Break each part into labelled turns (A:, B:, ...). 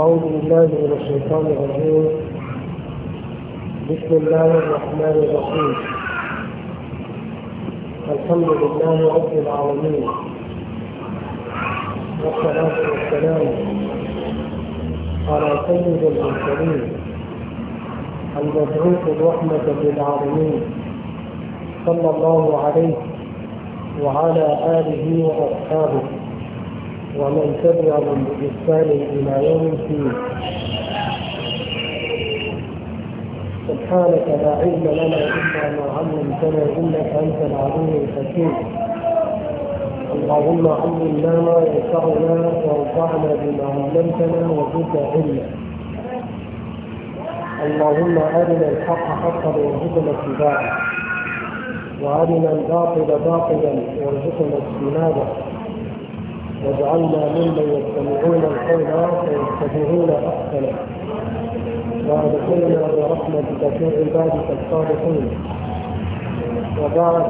A: أعوذ بالله من الشيطان الرجيم بسم الله الرحمن الرحيم الحمد لله رب العالمين والصلاة والسلام على سيد المرسلين المبعوث الرحمة للعالمين صلى الله عليه وعلى آله وأصحابه ومن تبعهم بإحسان إلى يوم الدين سبحانك لا علم لنا إلا ما علمتنا إنك أنت العليم الحكيم اللهم علمنا ما ينفعنا وانفعنا بما علمتنا وزدنا علما اللهم أرنا الحق حقا وارزقنا اتباعه وأرنا الباطل باطلا وارزقنا اجتنابه واجعلنا ممن يستمعون القول فيتبعون احسنه وادخلنا برحمتك في عبادك الصالحين وبعد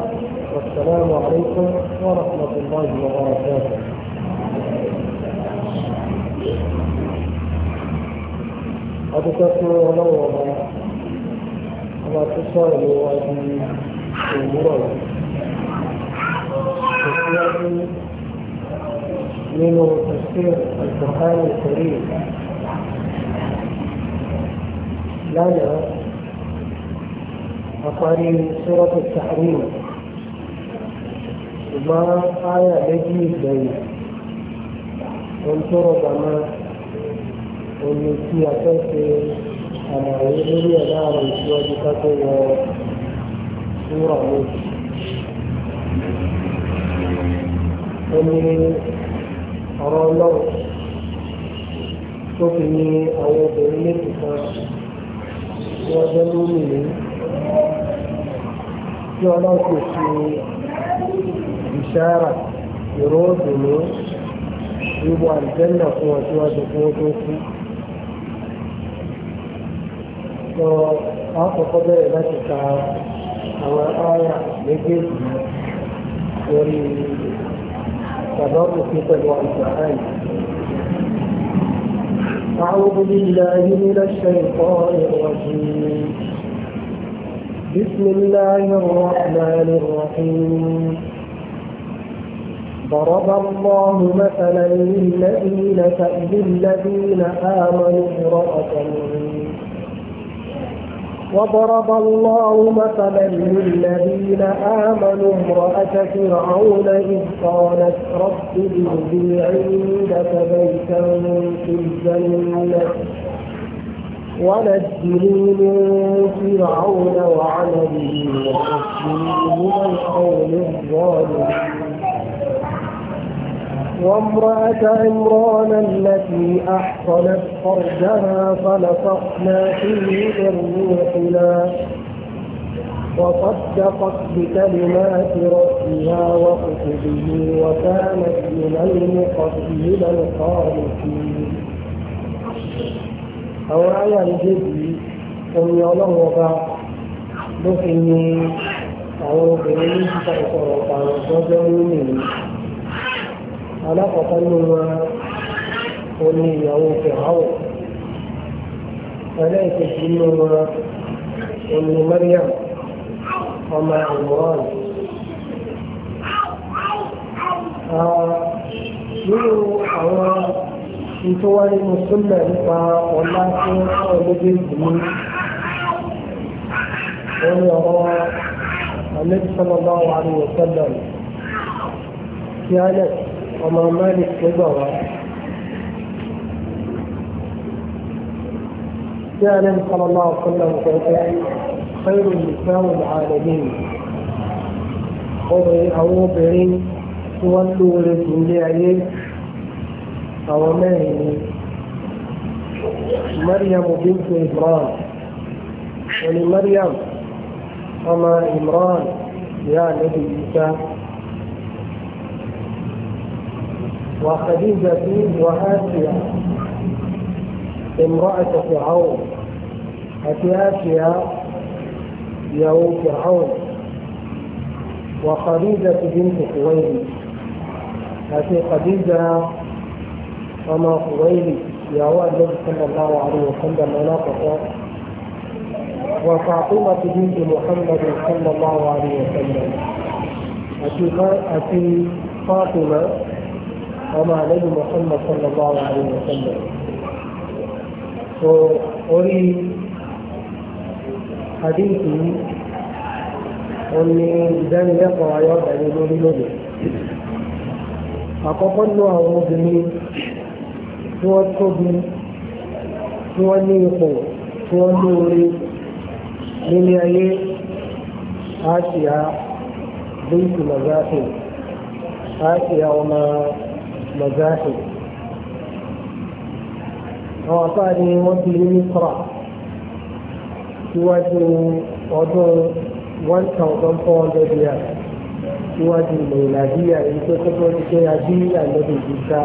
A: والسلام عليكم ورحمه الله وبركاته أتذكر نوما على منه تفسير القرآن الكريم لنا أقاري سورة التحريم ما آية لجي بين انظروا كما والتي أتت على يدري دار الزواج سورة موسى ọ̀rọ̀ ọlọ́run tó fi ní àwọn obìnrin méjì kan tí wọ́n jẹ́ lórí mi tí ọlọ́run sì fi ìṣára ìró òdùnú ìwọ àìjẹ́nà fún ọtí wọ́n ti fún tó kú. sọ àkọ́kọ́ bẹ̀rẹ̀ láti ka àwọn áyà méjèèjì lórí التبرك والقرآن أعوذ بالله من الشيطان الرجيم بسم الله الرحمن الرحيم ضرب الله مثلا للذين فإذ الذين آمنوا امرأة وضرب الله مثلا للذين آمنوا امرأة فرعون إذ قالت رب ابني عندك بيتا في الجنة ونجني من فرعون وعمله ونجني من القوم الظالمين وامرأة عمران التي أحصلت فرجها فلصقنا فيه من روحنا وصدقت بكلمات ربها وكتبه وكانت من المقبل الخالقين أو آية الجد قل يا الله وضع بخني أو بريش فأسرق عن alákọ̀ọ́kọ́ nínú wọn ó ní ìyàwó fìhàwọ̀ ẹlẹ́ẹ̀kejì nínú wọn ó ní Mariam ọmọ àwòrán nínú àwọn ìtọ́wárí mùsùlùmí nípa ọ̀la tí wọ́n sọ méjèèjì ní wọ́n ní ọ̀rọ̀ àlejò sọ́nà bá wà ní ìwọ̀sọ́dọ̀ kí á lẹ̀ ọmọ Malik tó gbà wá. فعلا صلى الله عليه وسلم خير النساء العالمين obìnrin àwọn obìnrin tí wọ́n lóore jù ní ayé àwọn mẹ́rin ni Maryam bintu Imran ẹni Maryam ọmọ Imran ìyá àlejò yìí sáà وخديجة وآسيا امرأة فرعون أتي آسيا يوم فرعون وخديجة بنت خويلد أتي خديجة أما خويلد يا النبي صلى الله عليه وسلم ناقصة وفاطمة بنت محمد صلى الله عليه وسلم أتي فاطمة ọmọ àlejò Muhammad sallallahu alaihi wasallam so orí àdínkù wọn ni ìdánilẹ́kọ̀ọ́ ayọ́ ọ̀dàlẹ́ lórí lónìí àkọ́kọ́ ní àwọn obìnrin tí wọ́n tóbi tí wọ́n ní ipò tí wọ́n lóore nílé ayé àṣìá bíi ìtùmọ̀ gáàsì àṣìá مزاحم وأعطاني وفي مصر síwájú ọdún one thousand four hundred years síwájú ilẹ̀ ìlàdíyà èyí tó kọ́kọ́ ti pé adí àlọ́dún ìgbésà.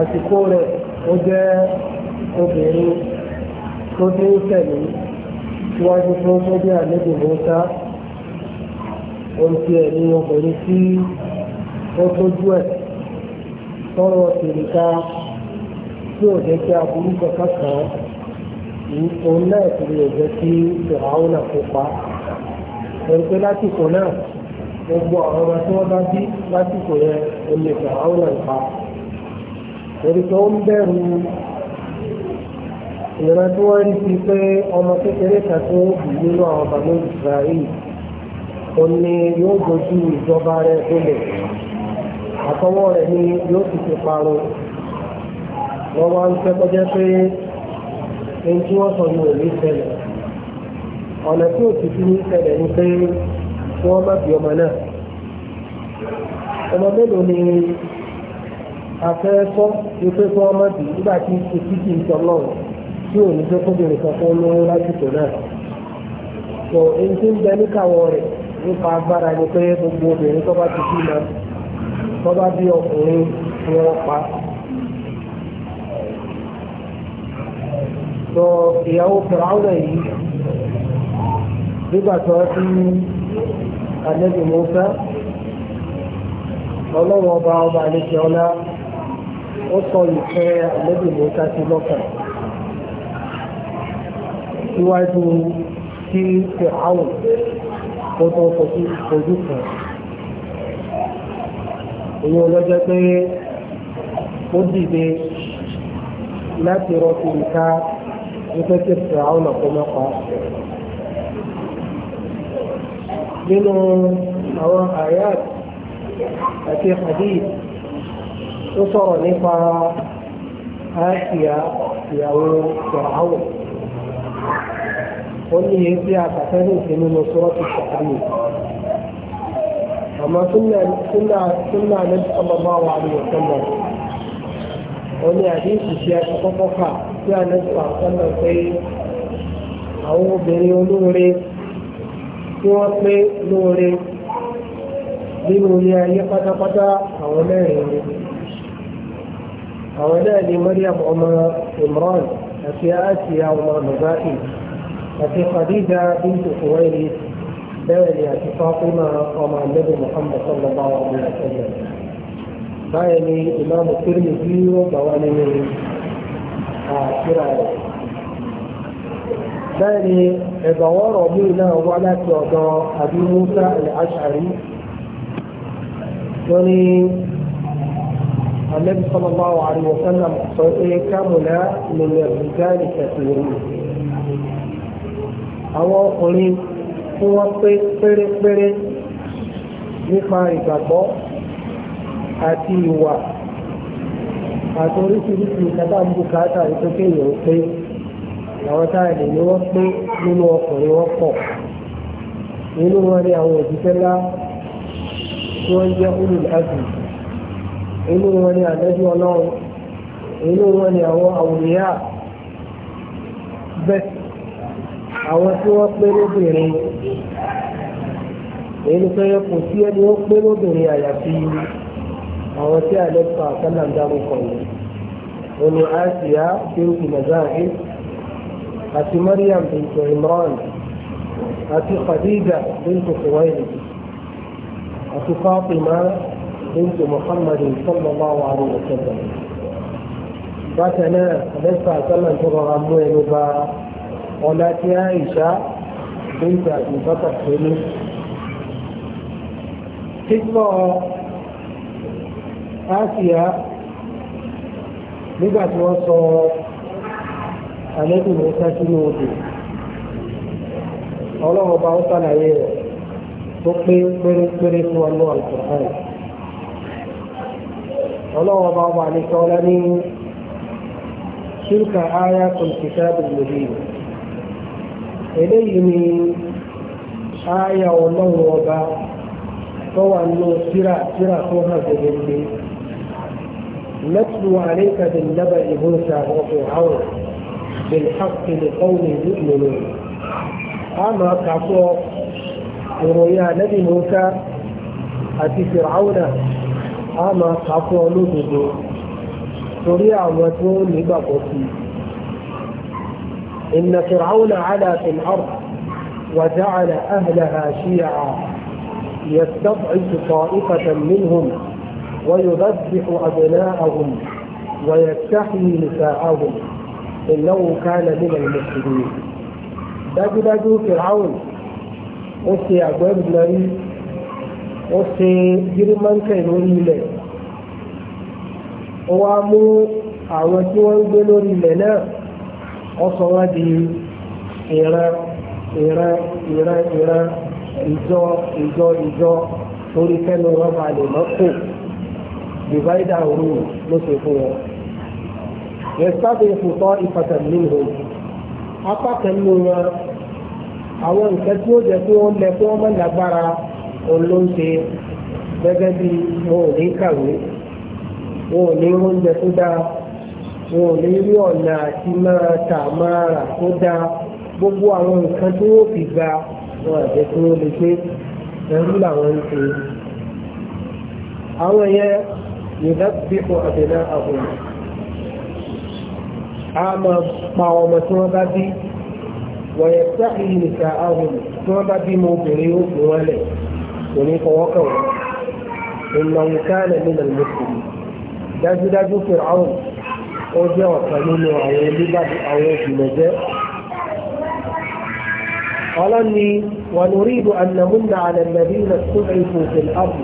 A: àsìkò rẹ̀ ó jẹ́ obìnrin tó dé sẹ̀lú síwájú tó tó dé àlejò mọ́tà ohun tí ẹ̀ ní obìnrin tí ó tójú ẹ̀ tọrọ tèmíkà tí ò jẹ́ kí aburú kankan kàn án òun náà ti lè jẹ́ kí ìhàwọn náà kó pa ẹ̀rù pé lásìkò náà gbogbo àwọn ọmọ tí wọ́n bá bí lásìkò yẹn olè ìhàwọn náà pa ẹ̀rù pé ó ń bẹ̀rù ìran tí wọ́n rí sí pé ọmọ kékeré kan tó bì nínú àwọn ọmọ lórí Israẹli òní yóò dojú ìjọba rẹ̀ gbélé àtọwọ́ rẹ̀ ni yóò ti fi parun wọ́n wá ń fẹ́ kọjá pé ẹni tí wọ́n sọ ní òní ṣẹlẹ̀ ọ̀nà tí ò ti fi ní ṣẹlẹ̀ ni pé kí wọ́n má bí ọmọ náà ọmọ mélòó ni afẹ́fọ́ ni pé kí wọ́n má bí nígbà tí etí kì í sọ lọ́wọ́ tí ò ní fẹ́ kóbìnrin kan fún lówó lásìkò náà. tó ẹni tí ń bẹ níkàwọ́ rẹ̀ nípa agbára ni pé gbogbo obìnrin tó bá ti bímọ tó bá bí ọkùnrin ni wọ́n pa. sọ ìyàwó fìràwọ̀ yìí nígbà tó ti àlejò mọ́fẹ́ ọlọ́wọ́ ọba ọba àlejò ọlá ó sọ ìfẹ́ àlejò mọ́fẹ́ sí lọ́kàn síwájú sí fìràwọ̀ tó tó fojú fojú kan èyí olójẹ́ pé ó dìde láti rọ́ọ̀tì nìka wípé kí fìràwọn ọ̀pọ̀lọpọ̀ nínú àwọn àyàt àti hadith tó sọ̀rọ̀ nípa àṣìyà ìyàwó fìràwọn ó ní yẹn tí a kàtẹ́rìn sí nínú sọ́ọ̀tì sàkámì àmọ́ súnà àlẹ́bí sọ́mọ́mọ́ àwọn àdìyẹ sọ́mọ́ ó ní àdéhùn sí aṣọ kọ́kọ́ kà sí àlẹ́bí sọ́mọ́ pé àwọn obìnrin olóore tí wọ́n pé lóore nínú ilé ayé pátápátá àwọn mẹ́rin ni àwọn náà ni Maryam ọmọ Imran àti Asiya ọmọ Nùbáì àti Khadija bíntu Khuwaylid bẹ́ẹ̀ ni àti Fatima ọmọ àlẹ́bí Muhammad sallallahu alaihi wa sallam báyìí ni ìmáàmù Tirmidhi yóò gbà wá nínú àkírà rẹ̀ bẹ́ẹ̀ ni ẹ̀gbọ̀wọ́rọ̀ mi náà wá láti ọ̀dọ̀ Abi Musa al-Ash'ari lórí النبي صلى الله عليه وسلم كمل من الرجال كثيرين àwọn ọkùnrin tí wọ́n pé pérépéré nípa ìgbàgbọ́ àti ìwà àti oríṣiríṣi ìkàtà bùkátà ìtókè èèyàn pé àwọn táàlì ni wọ́n pé nínú ọkùnrin wọn pọ̀ nínú wọn ni àwọn òṣìṣẹ́ ńlá tí wọ́n jẹ́ olùdásí inú wọn ni àlejò ọlọ́run inú wọn ni àwọn àwòrán àwọn tí wọ́n pé lóbìnrin èyí ni pé kò sí ẹni ó pé lóbìnrin àyàfi àwọn tí àlẹ́fà àtàlà ń dárúkọ yìí wọn ni àṣìyá bíntì nàzáàrí àti Maryam bíntì Imran àti Khadija bíntì Khuwaylid àti Fatima bíntì Muhammad sallallahu alaihi wa sallam bákan náà àlẹ́fà àtàlà ń tọrọ àmú ẹnu bá ọlá tí Àìṣà bíntà ìbákà tó ní. Títọ́ Àsíyà nígbà tí wọ́n sọ àlẹ́kùn mẹ́ta sínú odò ọlọ́wọ́ bá ó sàlàyé rẹ̀ tó pé pérépéré fún ọlọ́ àìsàn ọlọ́wọ́ wà ní sọ́lá ní ṣírkà áyà kùnkìtà bìbìlì eléyìí ni àyà ọlọ́run ọba tó wà nínú síra síra tó hàn gẹ́gẹ́ نتلو عليك بالنبأ موسى وفرعون بالحق لقوم يؤمنون أما كعصو ìròyìn ànábì Mùsá àti fìràwùnà a máa kà fún ọ lódodo torí àwọn tí nígbàgbọ́ sí i. إن فرعون علا في الأرض وجعل أهلها شيعا يستضعف طائفة منهم ويذبح أبناءهم ويستحي نساءهم إنه كان من المسلمين dájúdájú fìràwọn فرعون ṣe أبواب lórí ó ṣe gírímọ́ǹkẹ̀ lórí ilẹ̀ ó wá mú àwọn ọsọ wá di ìran ìran ìran ìran ìjọ ìjọ ìjọ torí kẹ́nu wọn bá lè mọ́kò divider rule ló ṣe fún wọn. yẹ̀sítàbí ìfòtọ́ ìfàtàlì nìyẹn apá kan nínú wọn àwọn nǹkan tí ó jẹ́ kí wọ́n lẹ kí wọ́n má lágbára òun ló ń bí wọn ò ní kàwé wọn ò ní oúnjẹ tó dáa wọn ò lè rí ọ̀nà àti máa tà máa rà tó dáa gbogbo àwọn nǹkan tí wọ́n fi gba wọn àti tí wọ́n lè gbé ẹrú làwọn ń ṣe. àwọn yẹn yorùbá bí kò àbẹ̀lẹ̀ àbùrù a máa pa ọmọ tí wọ́n bá bí wọ̀nyẹ̀ sáàyè nìkan àbùrù tí wọ́n bá bí mo obìnrin ó fi lẹ̀ kò ní fọwọ́ kàn wọ́n. ìnáwó káàlẹ̀ nínú ìmọ̀sùlùmí dájúdájú fìràwọ̀ ó jẹ́ ọ̀kan nínú àwọn oníbàdí àwọn ìgbìmọ̀jẹ́ ọlọ́ni ونريد أن نمن على الذين استضعفوا في الأرض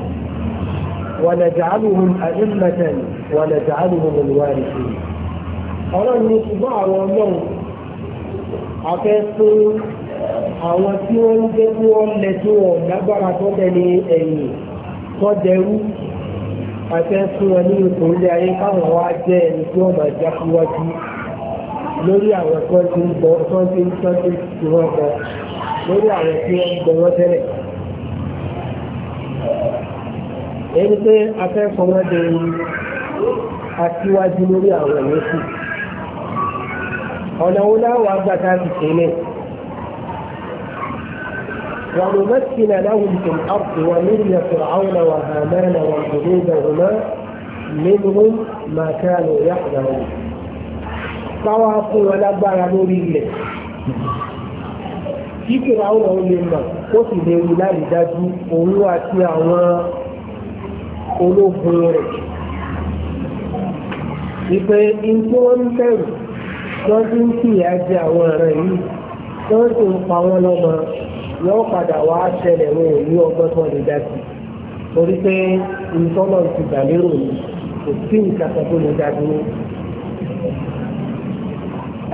A: ونجعلهم أئمة ونجعلهم الوارثين ọlọ́ni ṣùgbọ́n àwọn ọlọ́run afẹ́ fún wọ́n afẹ́ fún wọn ní ipò ilé ayé káwọn wá jẹ́ ẹni tí wọ́n máa já síwájú lórí àwọn tó ti ń bọ tó ti ń tó ti ti wọ́n bọ lórí àwọn tí wọ́n ń bọ wọ́n tẹ́lẹ̀. ẹni pé afẹ́ fún wọn de aṣíwájú lórí àwọn ìyókù ọ̀nà wo láwọn àgbàtà ti ṣe ونمكن لهم في الأرض وملي فرعون وهامان وجنودهما منهم ما كانوا يحذرون طواف ولا بارانو ريلي kí fìràwọn ọ̀hún lè mọ̀ ó sì lè rí láì dájú òun àti àwọn ológun rẹ̀ ìpè ìpè wọn ń bẹ̀rù wọn ti ń fìyà jẹ àwọn ọ̀rẹ́ yìí wọn sì ń pa wọn lọ́mọ yóò padà wá ṣẹlẹ̀ wọn ò ní ọgbọ́n tó lè dá sí torí pé ìtọ́nà ti gbà lérò ni kò sí nǹkan kan tó lè dá dúró.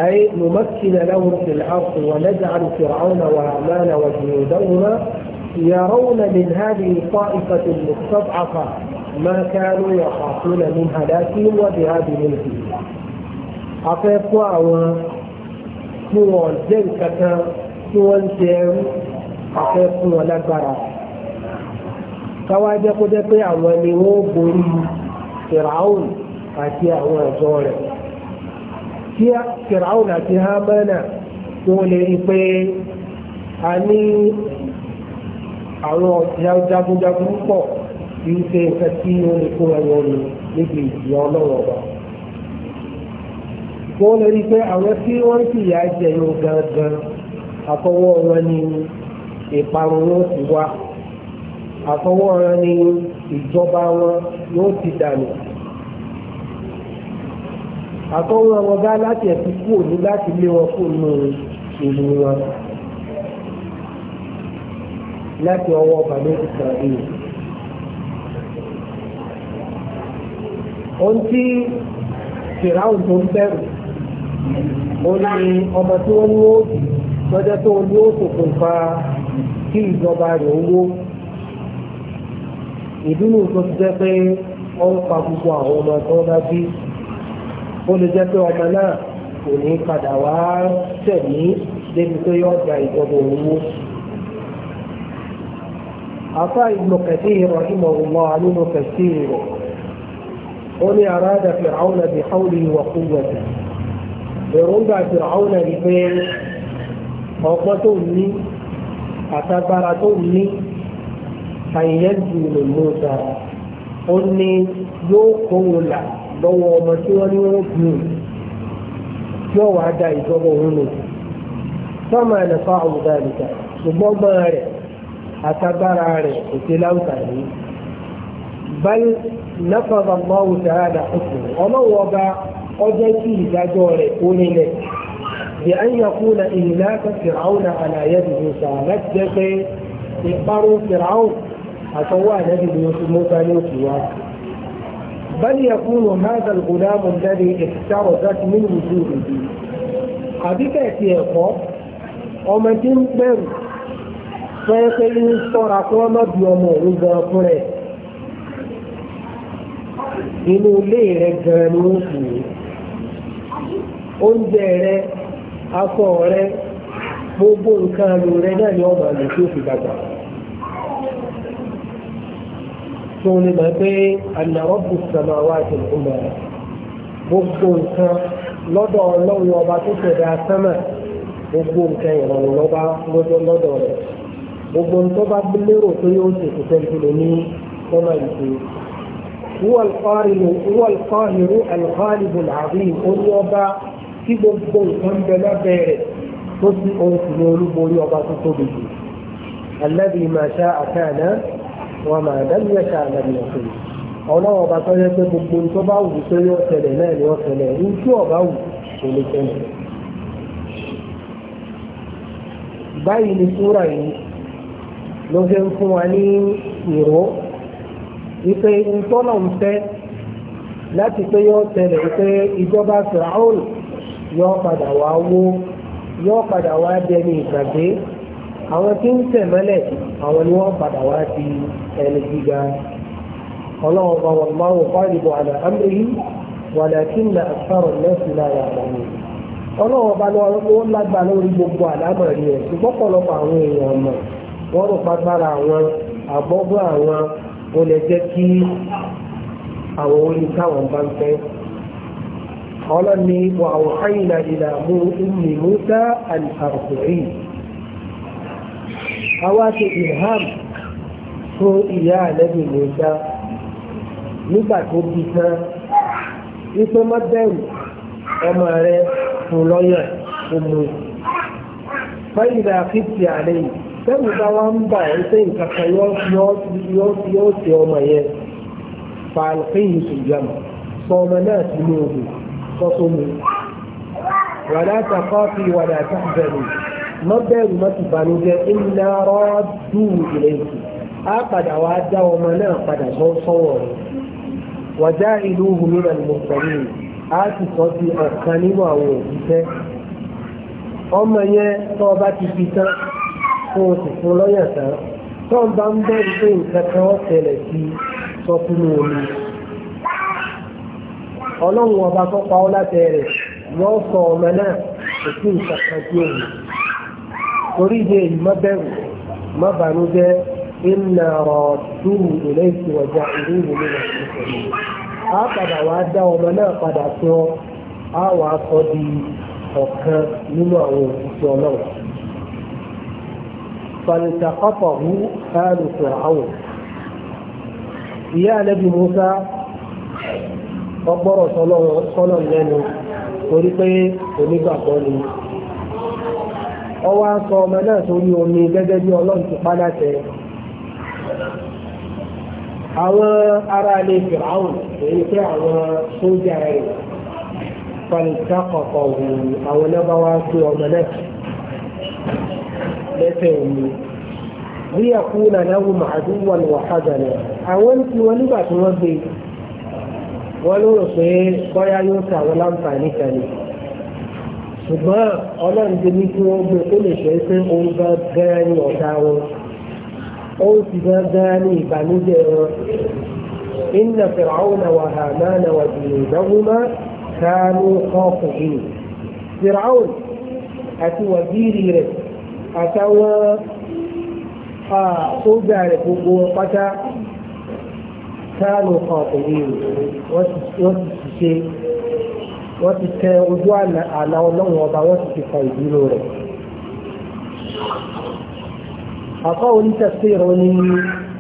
A: أي نمكن لهم في الأرض ونجعل فرعون وهامان وجنودهما يرون من هذه الطائفة المستضعفة ما كانوا يخافون من هلاكهم وذهاب ملكهم afẹ́ kó àwọn tí wọ́n jẹ́ ìkàkà tí wọ́n jẹ́ ẹrú afẹ́ fún wọn lágbára káwá jẹ́ kó jẹ́ pé àwọn ni wọ́n borí fìràún àti àwọn ẹ̀jọ́ rẹ̀ tí fìràún àti hamana wọ́n lè rí pé a ní àwọn jagunjagun pọ̀ kì í ṣe nǹkan tí ó lè kó ẹyọ ni níbi ìjìyà ọlọ́wọ́ ọba wọ́n lè rí pé àwọn tí wọ́n ń fìyà jẹ yóò gangan àtọwọ́ wọn ni ìparun yóò ti wá àfọwọ́ra ni ìjọba wọn yóò ti dànù àtọ́wọ́ wọn bá láti ẹ̀sìn kúrò ní láti lé wọn kúrò nù ìlú wọn láti ọwọ́ bàbá ìsàlẹ̀. ohun tí fìràhùn tó ń bẹ̀rù ó ní ọmọ tí wọ́n ní ó lọ́jọ́ tó ń ní ó ṣokùnfà kí ìjọba rẹ̀ wó ìdúró tó ti jẹ́ pé ó ń pa gbogbo àwọn ọmọ tó bá bí ó lè jẹ́ pé ọmọ náà kò ní padà wá tẹ̀mí débi pé yóò gba ìjọba òwò. afa ibnu kathir rahimahullah nínú kathir rẹ̀ ó ní arada fir'auna bi hawlihi wa quwwati èròǹgbà fir'auna ni pé ọgbọ́n tó ní àtagbára tó ní àyẹ̀jù lè mú ta ó ní yóò kó wọn là lọ́wọ́ ọmọ tí wọ́n ní wọ́n bí òun yóò wá da ìjọba òun lò sọ́mọ ẹ̀ àwùjọ àlùkà ṣùgbọ́n gbọ́n rẹ̀ àtagbára rẹ̀ kò sí láǹfààní. báyìí nafọ̀dọ̀ mọ́wùtà àdàkùnkùn ọlọ́wọ́ ọba ọjọ́ kí ìdájọ́ rẹ̀ kó nílẹ̀. بأن يقول إهلاك فرعون على يد موسى مجد إقبار فرعون أتوى الذي موسى نوتي بل يقول هذا الغلام الذي افترضت من وجوده حديث ti ومن تنبر فيقل ń قوما fẹ́ẹ́fẹ́ وزا sọ́ra إنه ليه má موسى أنزل afọ rẹ gbogbo nǹkan lò rẹ náà ni ọmọ àlè tí ó fi dàgbà tó lè mọ̀ pé ànàrọ́bù sàmáwá àti ìkúmọ̀ rẹ gbogbo nǹkan lọ́dọ̀ ọlọ́run ọba tó tẹ̀lé asánmà gbogbo nǹkan ìrọ̀rùn lọ́ba lọ́dọ̀ rẹ̀ gbogbo nǹkan bá lérò pé ó ti kò tẹ́lẹ̀ tó ní lọ́nà ìṣe. wúwà alqáhiru alqálibu alazim ó ní ọba tí gbogbo nǹkan bẹ lábẹ́ rẹ̀ tó sì ohun sì ní olúborí ọba tó tóbi jù alladhi ma sha'a kana wa ma lam yasha' lam yakun ọlọ́wọ́ ọba tó yẹ pé gbogbo ohun tó bá wù pé yóò ṣẹlẹ̀ náà ni ó ohun tí ọba wù kò lè ṣẹlẹ̀. báyìí ni súra yìí ló fi ń fún wa ní ìró ìpè ìtọ́nà ń fẹ́ láti pé yóò ṣẹlẹ̀ ìpè ìjọba fìràhùn yóò padà wá wó yóò padà wá dẹni ìgbàgbé àwọn tí ń tẹ̀mẹ́lẹ̀ àwọn ni wọ́n padà wá di ẹni gíga ọlọ́run bá wọn máa wọ fáìlìbò àlà amúrí wàlàkí nà àtàrọ̀ lẹ́sìn ọlọ́run gbogbo àlámọ̀rí ẹ̀ ṣùgbọ́n pọ̀lọpọ̀ àwọn èèyàn mọ̀ wọ́n rò àwọn àgbọ́gbọ́ àwọn jẹ́ kí àwọn ọlọ́ni wà ọ̀háìnà ìlàmú ìmì múta àlùfàrùkùrì àwa ti ilham fún ìyá àlẹ́bí múta nígbà tó bí tán ife má bẹ̀rù ọmọ rẹ fún lọ́yà ọmọ fáyìlà fífi àlẹ́ yìí bẹ́ẹ̀ni bá wá ń bà ẹ́ sẹ́yìn kankan yóò ṣe ọmọ yẹn fàlùkì yìí sọ ọmọ náà sínú odò sọ́sọ́mù wàlá tàkọ́fì wàlá tàbẹ̀rù mọ́bẹ̀rù mọ́tì bànújẹ́ iná rọ́ọ̀dù ilẹ̀ ìsì á padà wá dá ọmọ náà padà sọ́wọ́ rẹ̀ wàjá ìlú hùmínà ni mo sọ yìí á sì sọ sí ọ̀kan nínú àwọn òṣìṣẹ́ ọmọ yẹn tó ọba ti fi tán fún oṣù fún lọ́yà tán tó ń bá ń bẹ̀rù pé nǹkan kan ó sí sọ fún mi ọlọ́run ọba tó pa ọ́ rẹ̀ yóò sọ ọmọ náà òkú ìṣàkàn tí òun torí ìdí èyí má bẹ̀rù ilé ìlú a padà wá dá ọmọ náà padà sí ọ a wà sọ di ọ̀kan nínú àwọn òṣìṣẹ́ ọlọ́run فالتقطه آل ọgbọ́rọ̀ sọ́nà lẹ́nu torí pé onígbàgbọ́ ni ọwọ́ aṣọ ọmọ náà sórí omi gẹ́gẹ́ bí ọlọ́run ti pa láṣẹ àwọn ará ilé fìràwùn èyí pé àwọn sójà rẹ̀ pàlìtà kọ̀kọ̀ òun àwọn náà sí ọmọ náà omi wa àwọn tí wọ́n nígbà tí wọ́n gbé wọ́n ló rò pé bọ́yá yóò ta àwọn láǹfààní kan ni ṣùgbọ́n ọlọ́run ti ní kí wọ́n gbé ó lè ṣe pé òun bá gẹ́rẹ́ ní ọ̀tá wọn òun sì bá gẹ́rẹ́ ní ìbànújẹ́ wọn inna fir'auna wa hamana wa junudahuma kanu khati'in fir'aun àti wàbíìrì rẹ̀ àtàwọn ah, sójà rẹ̀ gbogbo pátá kánú ọ̀tẹ̀lẹ̀ wọ́n ti ṣe wọ́n ti tẹ ojú àlà ọlọ́run ọba wọ́n ti ti fa ìdúró rẹ̀. أقول تفسير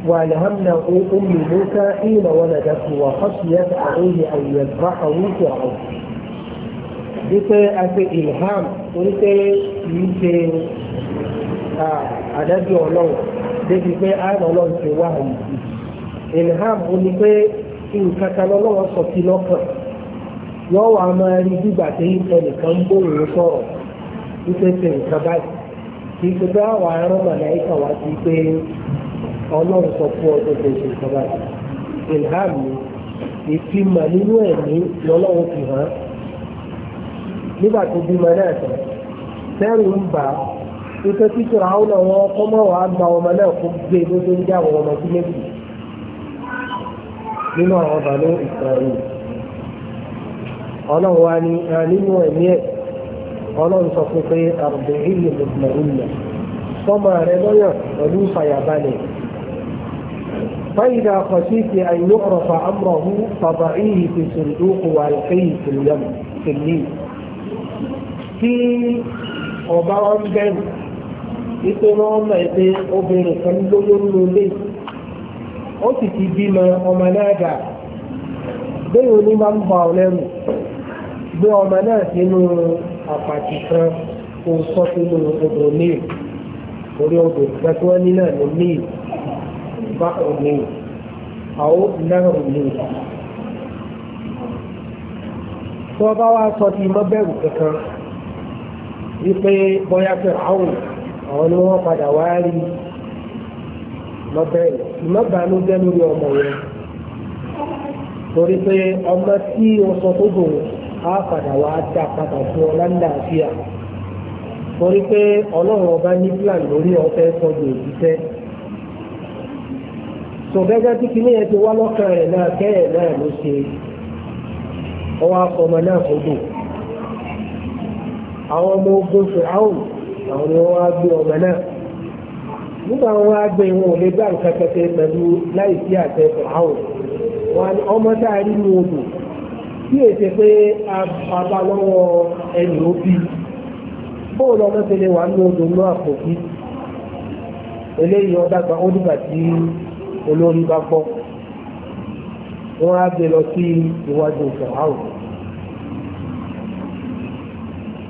A: والهمنا أم موسى حين ولدته وخشيت عليه أن يذبحه فرعون wípé a ṣe ilham wípé kìí ṣe àdájọ́ ọlọ́run débi pé àrùn ọlọ́run ṣe wà ní ìdí ilham ó ní pé nǹkan kan lọ́wọ́ sọ sí lọ́kàn yọ wà máa rí gbígbà tí ẹnìkan ń bóyún sọ̀rọ̀ wípé ṣe nǹkan báyìí kì í ṣe pé àwọn arán màláìkà wá sí pé ọlọ́run sọ fún ọdún tó ṣe nǹkan báyìí ilham ni ìfimọ̀ nínú ẹ̀mí lọ́lọ́run fi hàn nígbà tó bímọ náà tán sẹ́rù ń bà á wípé títí ra ọ̀nà wọn gba ọmọ náà kó gbé e lójú àwọn ọmọ sí méjì nínú àwọn ọba ní Israel ọlọ́run wa ni nínú ẹ̀mí ẹ̀ ọlọ́run sọ fún pé àrùbẹ̀ ìlú mùtìmọ̀lùmọ̀ sọmọ rẹ lọ́yàn pẹ̀lú fàyàbalẹ̀ فإذا خشيت أن يعرف أمره فضعيه في صندوق وألقيه في اليم في النيل tí ọba wọn bẹ̀rù nítorí wọn mọ̀ obìnrin kan lóyún lólé ó sì ti bímọ ọmọ náà dà bẹ́ẹ̀ ni máa ń bọ ọ lẹ́rù gbé ọmọ náà sínú àpàtì kan kó sọ sínú odò míì orí odò kan tí wọ́n ní náà ní míì bá òní àwọn náà òní. tí wọ́n bá wá sọ ti mọ́bẹ̀rù kankan wípé bóyá fẹ́ àwọn ni wọ́n padà wá rí i. lọ́bẹ̀rẹ̀ ìmọ̀bànújẹ́ lórí ọmọ rẹ̀ torí pé ọmọ tí o sọ tó dùn á padà wá dá padà fún ọ láńdà torí pé ọlọ́run ọba ní plan lórí ọ̀fẹ́ sọ́dọ̀ òjíṣẹ́ tó gẹ́gẹ́ tí kìíní yẹn ti wá lọ́kàn rẹ̀ náà náà ló ṣe ọwọ́ náà kò dùn àwọn ọmọ ogun nígbà wọn agbẹ̀ wọn ò lè bá nǹkan kẹtẹ pẹ̀lú láì sí àtẹ fìràwọ̀ wọn ọmọ tá a rí ní odò tí èsè pé bàbá lọ́wọ́ ẹnì ó bí bóòlù ọmọ tẹ́lẹ̀ wà ní odò ní àpòkí eléyìí ọ̀dàgbà ó dìgbà tí olórí bá gbọ́ wọ́n á gbé lọ sí iwájú fìràwọ̀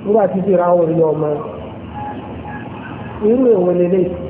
A: nígbà tí fìràwọ̀ rí ọmọ irú èwo lélẹ́yìí.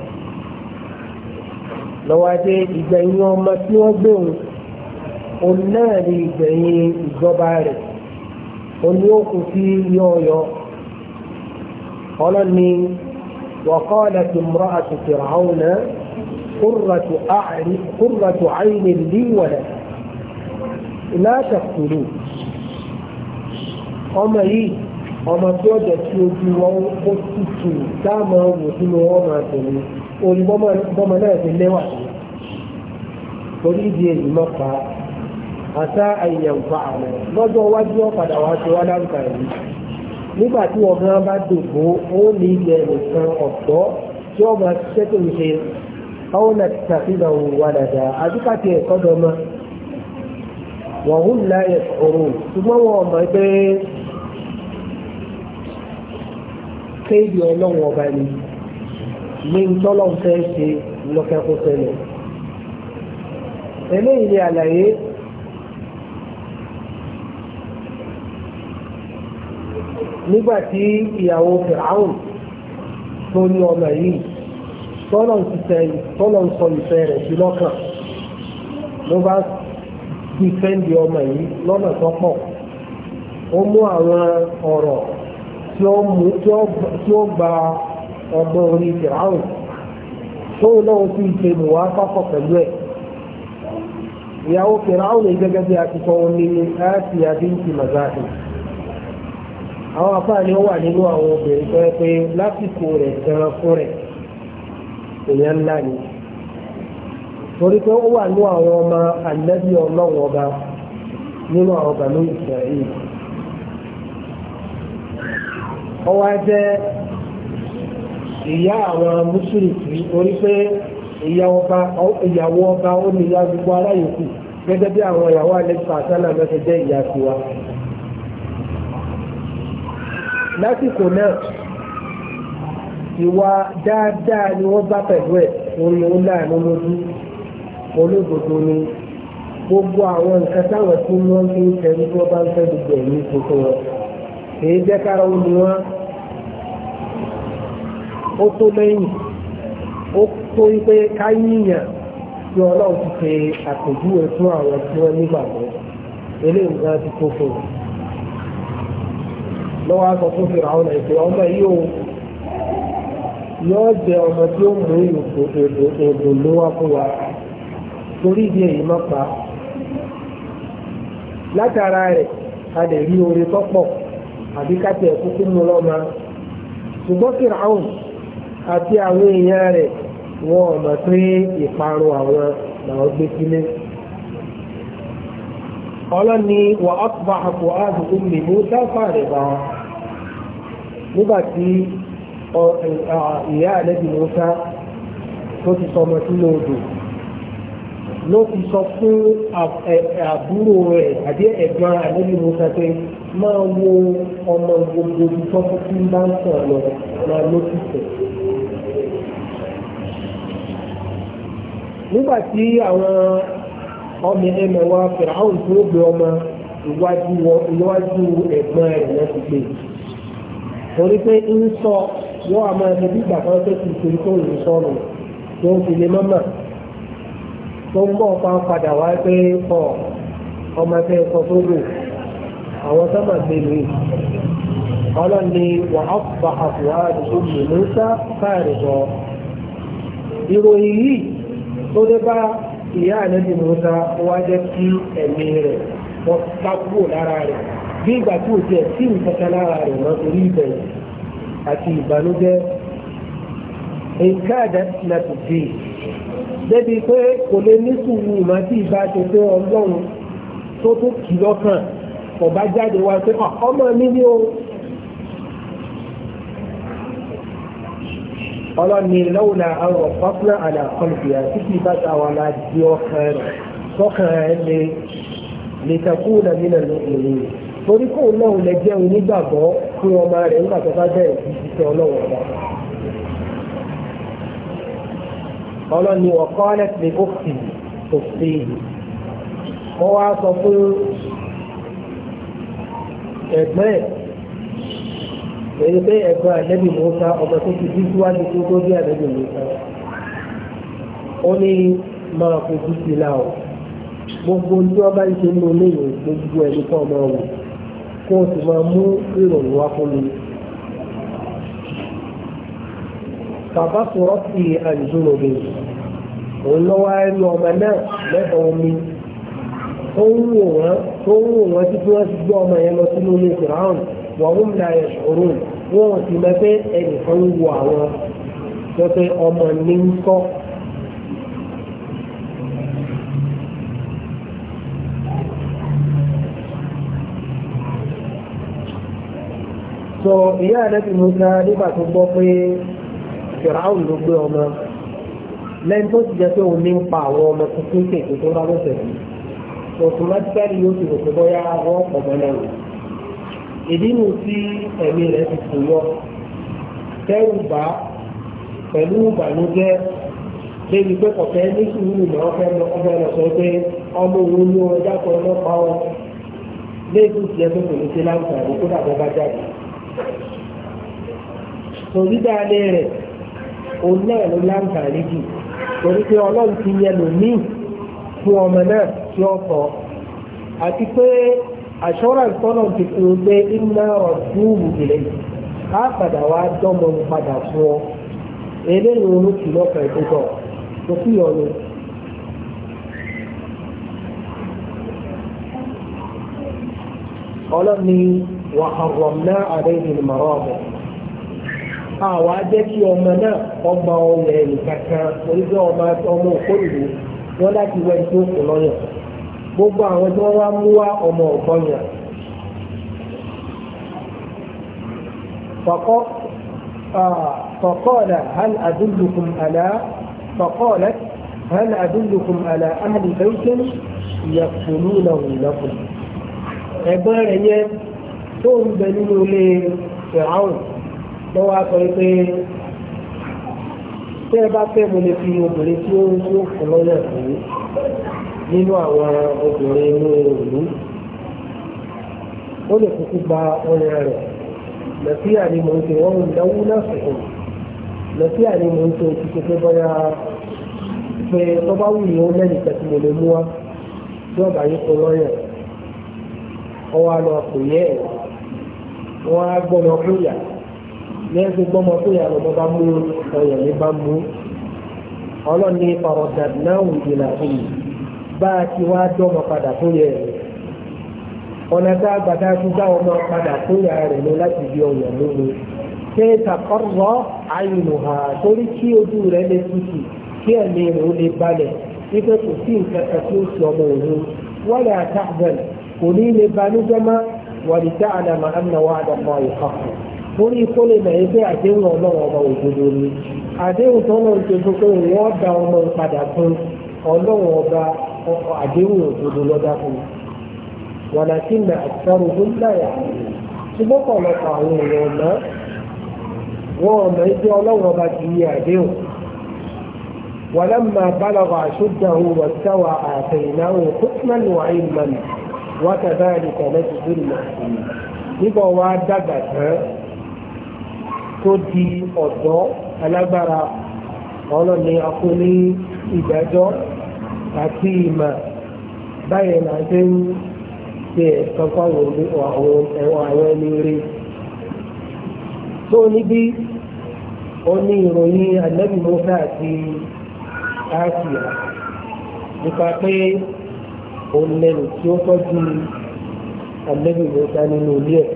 A: lọ́wọ́ adé ìgbẹ̀yìn ọmọ tí wọ́n gbé òun òun náà ni ìgbẹ̀yìn ìjọba rẹ̀ òun ni ó kù sí yọ̀ọ̀yọ̀ ọlọ́ni wàkọ́ọ̀lẹ̀ tó mọ́ àtúntò àwọn náà qurratu aynin li wa lak la ọmọ yìí ọmọ tí ó jẹ́ tí ojú wọn ó tutù dáàmú ọmọ sínú ọmọ àtẹ̀lẹ́ orí bọ́mọ náà ti lẹ́wà sí torí ìdí èyí mọ́pa àtá àyẹ̀wò àmọ́ lọ́jọ́ iwájú ọ̀padà wá ti wá lárúkà yìí nígbà tí wọn gan bá dògbò ó ní ilẹ̀ nìkan ọ̀tọ̀ tí wọ́n máa ṣiṣẹ́ tó ń ṣe àwọn àtàfihàn wà dàda àdúkàtì ẹ̀kọ́ dọ́mọ wọ́n hùn láyé ọ̀rọ̀ ṣùgbọ́n wọn mọ̀ pé kéèdì ọlọ́run ọba ni ní tọ́lọ́ fẹ́ ṣe lọ́kẹ́ kó tẹ̀lé eléyìí ni àlàyé nígbà tí ìyàwó fìràhùn tó ní ọmọ yìí tọ́lọ̀ ń sisẹ́ tọ́lọ̀ ń sọ ìfẹ́ rẹ̀ sí lọ́kàn ló bá dìfẹ́ǹdì ọmọ yìí lọ́nà tó pọ̀ ó mú àwọn ọ̀rọ̀ tí ó gba ọ̀dọ́ orí fìràwùn tó lọ́wọ́ sí ìṣe mùwá pápọ̀ pẹ̀lú ẹ̀ ìyàwó fìràwùn ní gẹ́gẹ́ bí akíkọ́ omi ní áàtì àdínkì màzáàtì àwọn afáà ni ó wà nínú àwọn obìnrin tó yẹ pé lásìkò rẹ̀ gan fún rẹ̀ èèyàn ńlá ni torí pé ó wà nínú àwọn ọmọ ànábì ọlọ́run ọba nínú àwọn ọba lóyún ìṣẹ̀lẹ̀ yìí ọwọ́ ajẹ́ ìyá àwọn mùsùlùmí orí pé ìyàwó ọba ó ní ìyá gbogbo aráyè kù gẹ́gẹ́ bí àwọn ìyàwó àlẹ́fà àtàlà mẹ́ta jẹ́ ìyá tiwa. lásìkò náà ìwà dáadáa ni wọ́n bá pẹ̀lú ẹ̀ orí oláàánú lójú olóògbòdo ni gbogbo àwọn nǹkan táwọn tí wọ́n ń tẹ̀lé tí wọ́n bá ń fẹ́ gbogbo ẹ̀mí tuntun wọn kì í jẹ́ kára ó ní wọ́n. ó tó lẹ́yìn ó tó wípé káyíyàn tí ọlọ́run ti ṣe àpèjúwe fún àwọn tí wọ́n nígbàgbọ́ eléyìí náà ti tó fún un lọ́wọ́ aṣọ tó fi ràwọn ẹ̀sìn ọmọ yìí ó yọ jẹ ọmọ tí ó mú ìdùnnú wá fún wa torí ìdí èyí má pa látara rẹ̀ a lè rí àti àwọn èèyàn rẹ̀ wọn ò mọ̀ pé ìparun àwọn làwọn gbé sílé. ọlọ́ni wà ọ́pọ̀ àpò àdúgbò mi mú dáfà rẹ̀ bá nígbà tí ìyá àlẹ́bí Musa tó ti sọmọ ló ti sọ fún àbúrò rẹ̀ àbí ẹ̀gbọ́n àlẹ́bí Musa pé máa wo ọmọ gbogbo tó bá ń sọ̀rọ̀ nígbà tí àwọn ọmọ ẹmẹ̀wà fìràhùn tó gbé ọmọ iwájú ẹ̀gbọ́n rẹ̀ náà ti gbé torí pé ń sọ wọ́n a máa ṣe bí gbàgbọ́ tó ti ṣe tó ń sọ̀rọ̀ tó ń fi lè mọ́mà tó ń bọ̀ pa padà wá pé kọ́ ọmọ ẹ̀kọ́ tó lò àwọn sábà gbé ọlọ́ni wà á àfùwá àdúgbò mi sá tó dé bá ìyá ànábì Mùsá wá jẹ́ kí ẹ̀mí rẹ̀ wọ́n bá kúrò lára rẹ̀ bí ìgbà tí ò jẹ́ tí ìfẹ́ta lára rẹ̀ mọ́ orí ìbẹ̀rẹ̀ àti ìbànújẹ́ nǹkan àdásílẹ̀ dé débi pé kò lè ní sùúrù mà tí ìbá ṣe pé ọlọ́run tó tó kì lọ́kàn kò jáde wá pé ah, ọmọ mi ní o ọlọ́ni lọ́wọ́lá àwọn ọ̀pọ̀pọ̀lá àlàkọ́lùfìyà tí kì í bá tàwọn aláàdì ọkàn rẹ̀ tọ́kàn rẹ̀ lè lè takú nàmínà lóòrùn torí kó náà lè jẹ́ onígbàgbọ́ fún ọmọ rẹ̀ nígbà ọlọ́ni ọ̀kọ́lẹ̀ ti òfin òfin wọ́n sọ fún ẹ̀gbọ́n èyí pé ẹ̀gbọ́n àlẹ́bí mọ́sá ọmọ tó ti bí síwájú tó tó bí àlẹ́bí mọ́sá ó ní máa fojú sí la o gbogbo tí wọ́n bá ń ṣe nínú léyìn gbogbo ẹni tó máa wò kó o sì máa mú ìròyìn wá fún mi. bàbá sọ̀rọ̀ sí àdìsúnmọ̀ mi òun lọ́wọ́ á ọmọ náà lẹ́bàá omi tó ń wò wọ́n tó ń wò wọ́n títí wọ́n ti gbé ọmọ yẹn lọ sínú ilé ìfìràhùn wọ́n mú mi láyé ṣòro wọn ò sì mọ̀ pé ẹnìkan ń wo àwọn tó pé ọmọ ní ń kọ́. so ìyá àdẹ́bí musa nígbà tó gbọ́ pé fìràún ló gbé ọmọ lẹ́yìn tó ti jẹ́ pé òun ní ń pa àwọn ọmọ tuntun kéèké tó bá lọ́sẹ̀ yìí automatically yóò ti rò pé bóyá wọ́n pọ̀ mọ́ ìdínú tí ẹ̀mí rẹ̀ ti kù yọ tẹ́rù bá pẹ̀lú ìbànújẹ́ débi pé kọ̀tẹ́ ní sùúrù náà fẹ́ lọ ọgbẹ́ lọ sọ pé ọmọ òun ní ọjà kan lọ́pàá ọ léèkù tiẹ̀ tó kò ní ṣe láǹfààní kó dàbọ̀ bá jáde. torí dáadé rẹ̀ òun náà ló láǹfààní jù torí pé ọlọ́run ti yẹ lòmíì fún ọmọ náà tí ó sọ àti pé assurance tọ́nà ti fún un pé iná rọ̀dúùrù ilẹ̀ á padà wá dọ́mọ padà fún ọ eléyìí olókì lọ́kàn ìdúgbọ̀ tó kí ọ̀nà. ọlọ́ni wà àrọ̀mná àdéhùn mọ̀rọ̀ ọ̀bọ̀ àwa jẹ́ kí ọmọ náà ọgbà ọmọ ẹnì kankan oníṣẹ́ ọmọ òkú ìlú wọn láti wẹ́ẹ́ tó gbogbo àwọn tí wọ́n wá mú wá ọmọ ọ̀gbọ́n yẹn. فقال هل أدلكم على فقالت هل أدلكم على أهل بيت يقتلونه لكم ẹ̀gbọ́n rẹ̀ yẹn tó ń bẹ nínú ilé ìhàwùn lọ́wọ́ aṣọ pé tẹ́ ẹ bá fẹ́ mo lè fi obìnrin tí ó ń kú lọ́yẹ̀ fún yín nínú àwọn obìnrin inú ìlú ó lè kúkú gba ọyàn rẹ̀ lọ́sí àdìmọ̀ọ́sẹ̀ wọn ń dáwó lásìkò lọ́sí àdìmọ̀ọ́sẹ̀ òtítù pé bọ́yá pé tó bá wù yóò lẹ́yìn tẹ̀sí mo lè mú wa tí ọba yìí kọ lọ́yàn ọwọ́ àlọ́ kò yẹ ẹ̀ wọ́n á gbọ́dọ̀ fúyà lẹ́sìn gbọ́mọ fúyà lọ́mọ bá mú ọyàn ní bá mú ọlọ́ni ọ̀rọ̀ dàdí náà wù bá a ti wá dọ́mọ padà tó yẹ rẹ̀ ọ̀nà tá a gbà tá a ti dá ọmọ padà tó yẹ rẹ̀ lọ láti di ọ̀yàn lóru ṣé ìtàkọ́rọ̀ àyìnbó ha torí kí ojú rẹ̀ lè tutù kí ẹ̀mí rẹ̀ ó lè balẹ̀ kò sí nǹkan kan ọmọ àtàkùn kò ní lè ìkọ̀kọ̀ torí kó lè àdéhùn ọlọ́run àdéhùn òdodo lọ́dá fún mi wọn àti nà àtàrò tó láyà ṣùgbọ́n pọ̀lọpọ̀ àwọn èèyàn ọ̀nà wọn ọ̀nà ibi ọlọ́run ọba ti yí àdéhùn ولما بلغ أشده واستوى آتيناه حكما وعلما وكذلك نجزي المحسنين nígbà wa dàgbà tán tó di ọ̀dọ́ alágbára ọlọ́ni akúni ìdájọ́ àti ìmọ̀ báyìí là ń ṣe ń ṣe ẹ̀kan fáwọn àwọn ẹni rí tó níbí ó ní ìròyìn ànábì Mùsá àti Áṣíà nípa pé òun lẹ́nu tí ó tọ́jú ànábì Mùsá nínú ilé ẹ̀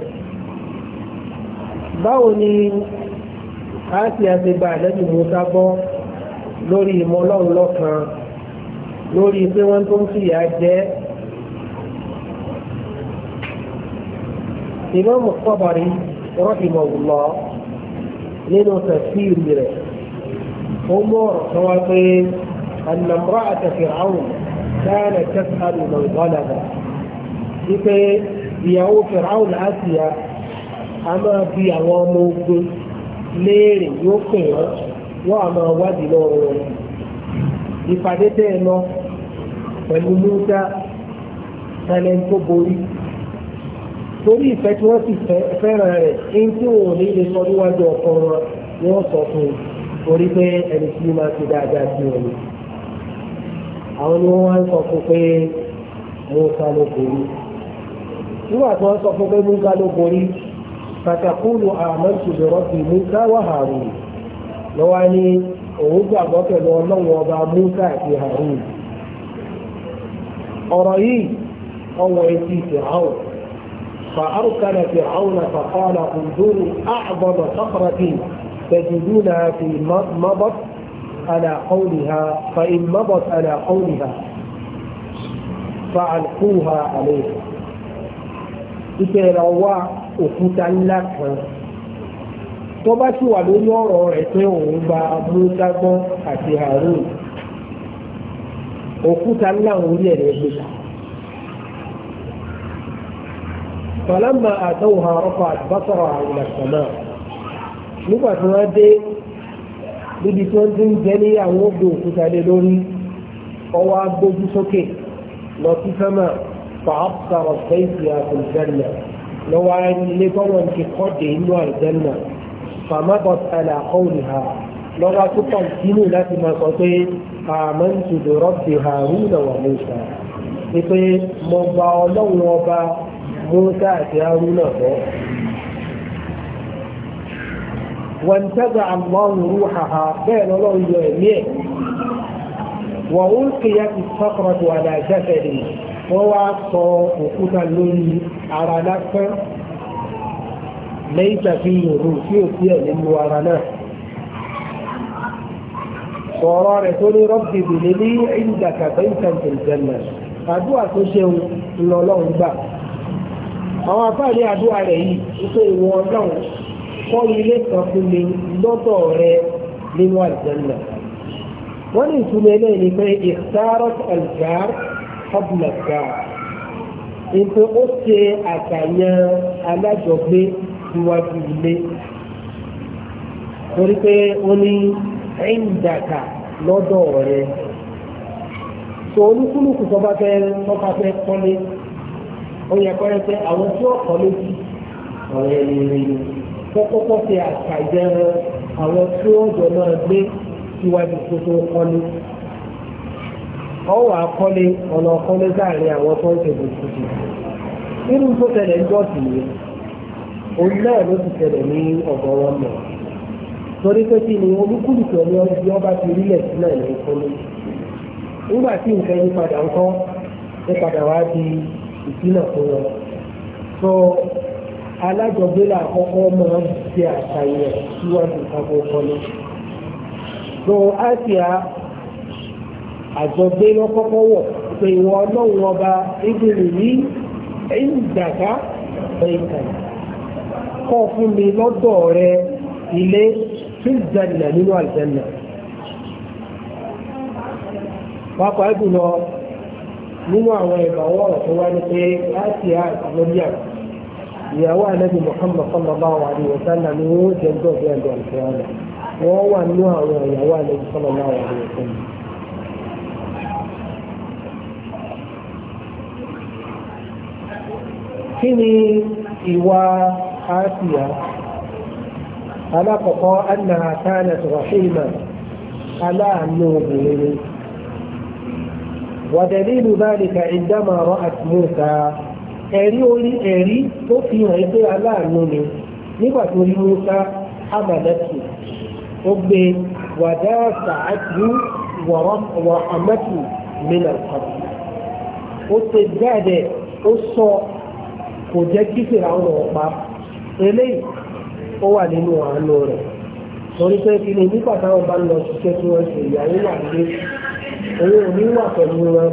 A: báwo ni Áṣíà ti gba ànábì Mùsá bọ́ lórí ìmọ̀ ọlọ́run lọ́kan lórí pé wọ́n tó ń fìyà jẹ ìmáàmù Tabari rahimahullah nínú tafsiri rẹ̀ ó mú ọ̀rọ̀ kan wá pé anna imra'ata Fir'aun kanat tas'alu man ghalaba wípé ìyàwó Fir'aun Asiya a máa fi àwọn ọmọ ogun léèrè yóò pè wọ́n wọ́n a wádìí lọ́rùn ìpàdé tẹ́ ẹ pẹ̀lú Musa ẹlẹ́ tó borí torí ìfẹ́ tí wọ́n ti fẹ́ràn rẹ̀ ẹni tí wọn ní sọ ti dáadáa sí wọn ni àwọn ni wọ́n wá ń sọ fún pé Musa ló borí nígbà tí wọ́n sọ fún pé ló borí lọ́wọ́ ọ̀rọ̀ yìí ọwọ́ etí fìhàwù فأركن فرعون فقال انظروا أعظم صخرة تجدونها في مضت على قولها فإن مضت على قولها فألقوها عليه ìkẹrẹ ọwá òkúta ńlá kan tó bá sì wà lórí ọ̀rọ̀ rẹ̀ pé òun gba Mùsá gbọ́ àti Harun òkúta ńlá orí ẹ̀rẹ́ gbé ta. Fàlámà àtọ́wò ha ọkọ̀ àtibásọ̀rọ̀ àwọn àtàmà. Nígbà tí wọ́n dé níbi tí wọ́n ti ń jẹ ní àwọn ògbé òkúta lé lórí, ọwọ́ agbójú sókè lọ sí sẹ́mà fàápùsàrọ̀ fẹ́ǹsì àtìlẹ́nà. Lọ́wọ́ ilé tọ́wọ́n ti kọ́ dé inú àìjẹ́nà. Fàmábọ̀t àlàkọ́ òní ha lọ́wọ́ akópa ìdínú láti máa sọ pé àmọ́ntù lè rọ́bì Hárúnà wà Mùsà ni pé mo gba ọlọ́run ọba Mùsà àti Hárúnà bọ́. wọ́n tẹ́gbà àmọ́rùn rúhàhà bẹ́ẹ̀ lọ́lọ́run yọ ẹ̀mí ẹ̀ wọ́n ó kéyà ti sọ́kọ̀rọ̀tò àdàjẹ́fẹ̀ rẹ̀ wọ́n wá sọ òkúta lórí ara lásán lẹ́yìn tàbí ìrù tí ò sí ẹ̀ nínú ara náà sọ̀rọ̀ rẹ̀ tó ní rọ́bì bìlẹ̀ ní ìdàkà bẹ́ńtàn tó jẹ́nà àdúrà tó ṣeun lọ́lọ́run gbà àwọn afáàní àdúrà rẹ̀ yìí wípé ìwọ ọlọ́run kọ́ ilé kan fún mi lọ́dọ̀ rẹ nínú àjẹ́nà wọ́n ní ìtumọ̀ eléyìí ni pé ìtàrọ̀t àlùgár ọ̀bùnàgà ìpè ó ṣe àtàyàn alájọgbé síwájú ilé torí pé ó ní. ẹ̀ńdàkà lọ́dọ̀ rẹ̀ tó olúkúlùkù tó bá fẹ́ tọ́ka fẹ́ kọ́lé ó yẹ kọ́ ẹ àwọn tí kọ́lé sí ọ̀rẹ́ rere ni kọ́kọ́kọ́ fi àṣàjẹ́ àwọn tí wọ́n jọ náà gbé síwájú tó tó kọ́lé ọwọ́ akọ́lé ọ̀nà ọ̀kọ́lé láàrin àwọn tó ń torí pé kí ni olúkúlùkù ẹni ọdún ọba ti rílẹ̀ sílẹ̀ ní ìfúnni nígbà tí nǹkan yí padà ń kọ́ ẹ padà wá di ìpínà fún wọn so alájọgbélà àkọ́kọ́ máa ń ṣe àṣàyàn síwájú ìtàkùn kọ́ni so àṣìá àjọgbé lọ́kọ́kọ́ wọ̀ pé ìwọ ọlọ́run ọba ìbìrì ní ìdàgá ẹ̀ka kọ́ fún mi lọ́dọ̀ rẹ ilé fíjànà nínú àlùjànnà pàápàá jùlọ nínú àwọn ìbáwọ̀ ọ̀rọ̀ tó wá ní pé láti á lórí àwọn ìyàwó ànábì Muhammad sallallahu alaihi wa sallam ni wọ́n jẹ́ ń dọ̀bí ẹ̀dọ̀ àlùfẹ́ọ́nà wọ́n wà nínú àwọn ìyàwó ànábì sallallahu alaihi wa sallam. kí ni ìwà àásìyà alákọ̀ọ́kọ́ annaha kanat rahima aláàánú obìnrin wàdẹ̀lílù dhalika indama ra'at Musa ẹ̀rí orí ẹ̀rí tó fi hàn pé aláàánú ni nígbà tó rí Musa amadatu ó gbé wàdá sàátú wàhámẹ́tù mílẹ̀ kọ́tù ó ṣe jáde ó sọ kò jẹ́ kí fèrè àwọn ọ̀pá eléyìí ó wà nínú àánú rẹ̀ torí pé kí ni nígbà táwọn bá ń lọ ṣiṣẹ́ tí wọ́n ṣe ìyàwó wà lé owó oníwà pẹ̀lú wọn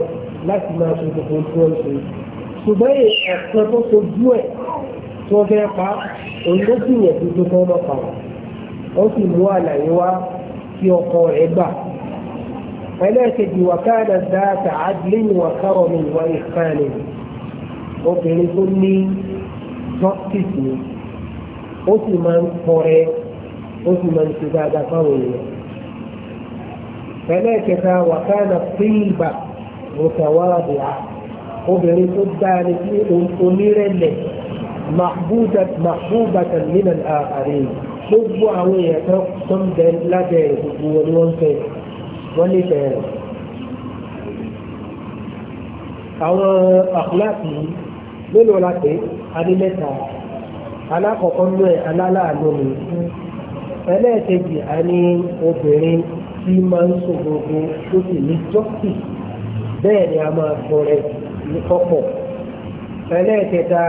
A: láti máa ṣe gbogbo tí wọ́n ṣe ṣùgbọ́n ẹ̀kan tó sojú ẹ̀ tí wọ́n fẹ́ pa òun ló sì yẹ̀ tó tó lọ pa wọ́n sì mú àlàyé wá kí ọkọ rẹ̀ gbà ẹlẹ́ẹ̀kejì wà káàdà dáàtà adlin wà kárọ̀ mi wà ìkànnì obìnrin tó ní justice ó sì máa ń kọrẹ ó sì máa ń ṣe dáadáa fáwọn èèyàn. ẹlẹ́ẹ̀kẹta wàkánà pílbà mùtàwádìá obìnrin tó dáa ni kí onírẹ̀lẹ̀ màbúbàtà nínà àárẹ̀ gbogbo àwọn èèyàn tó tó ń bẹ lábẹ́ ìgbogbo wọn ni wọ́n fẹ́ wọ́n lè bẹ̀rẹ̀. àwọn àkùlá yìí mélòó la pé adé mẹ́ta alákọ̀ọ́kọ́ ló ẹ̀ aláàánú ni ẹlẹ́ẹ̀kejì a ní obìnrin tí máa ń sọ gbogbo tó sì ní jọ́sì bẹ́ẹ̀ ni a máa sọ rẹ̀ ní kọ́pọ̀ ẹlẹ́ẹ̀kẹta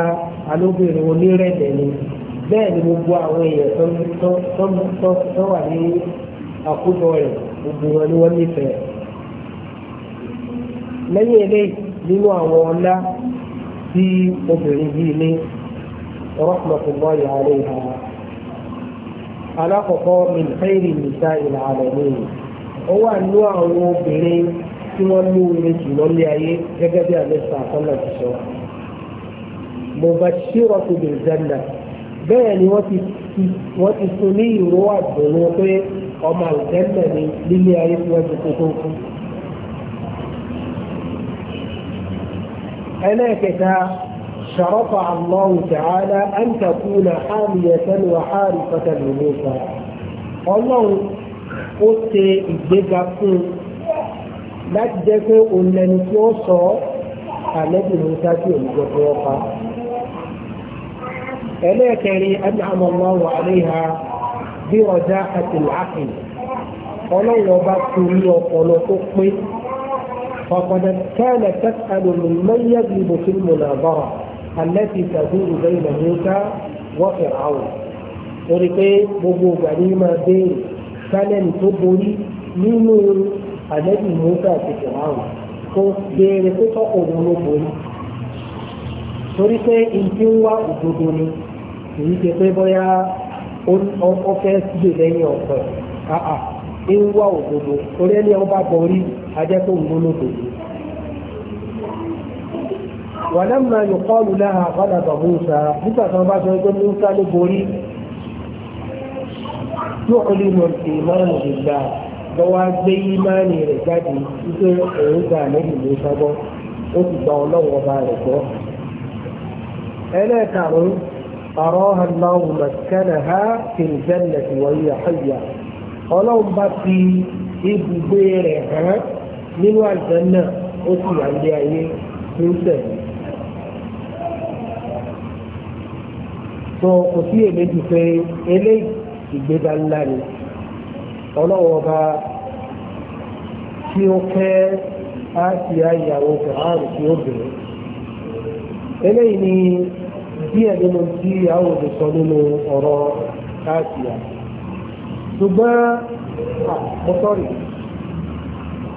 A: alóbìnrin onírẹ̀lẹ̀ ni bẹ́ẹ̀ ni gbogbo àwọn èèyàn tó wà ní àkójọ rẹ̀ gbogbo wọn ni wọ́n nífẹ̀ẹ́ lẹ́yìn eléyìí nínú àwọn ọlá tí obìnrin yìí ní rahmatullahi alayha alákọ̀ọ́kọ́ min khayri nisa'i al-alamin ó wà nínú àwọn obìnrin tí wọ́n ní oore jùlọ lé ayé gẹ́gẹ́ bí àlẹ́sà àkọ́lá ti sọ. mubashiratu bil janna bẹ́ẹ̀ ni wọ́n ti fún ní ìró àgbòrò pé ọmọ àlùjẹ́ńdà ni lílé ayé tí wọ́n ti kó tó kú. ẹlẹ́ẹ̀kẹta شرفع الله تعالى أن تكون حامية وحارفة لموسى الله قلت إجيبا فún láti jẹ́ pé òun lẹni tí ó sọ àlẹ́bì Musa tí òun jẹ fún ọpa ẹlẹ́ẹ̀kẹrin an'ama Allahu 'alayha bí ọjà àti làákì ọlọ́run ọba torí ọpọlọ tó pé ọ̀pọ̀dọ̀ kẹ́lẹ̀ tẹ́sán lòmìnira yẹ́gbìbò fílmù náà bọ̀rọ̀ التي تدور بين موسى وفرعون torí pé gbogbo ìgbà ní máa béèrè sálẹ̀lì tó borí nínú àlẹ́bí mọ́tà àti fìràwọ̀ tó béèrè pé tọ́kọ̀ òun ló borí torí pé ìdí ń wá òdodo ni èyí ṣe pé bóyá ó fẹ́ gbè lẹ́yìn ọ̀pẹ̀ àà ń òdodo torí ẹni ọba borí ajẹ́kọ̀ọ́ òun ló ولما يقال لها غلب موسى مثل ما يقول موسى لبوري يعلن الإيمان بالله جواز بإيمان رجالي إذا أعود عليه موسى أتبع الله وباركه ألا تعلم أراها الله مسكنها في الجنة وهي حية ọlọ́run bá fi ibùgbé rẹ̀ hàn nínú àjẹ́ náà ó sì wà ní ayé tó ń tẹ̀lé tó kò sí èméjì pé eléyìí ìgbéga ńlá ni ọlọ́wọ́ ọba tí ó kẹ́ fẹ̀hánù tí ó bèrè eléyìí ni díẹ̀ nínú tí àwọn sọ nínú ọ̀rọ̀ àsíá ṣùgbọ́n àmọ́sọ́rì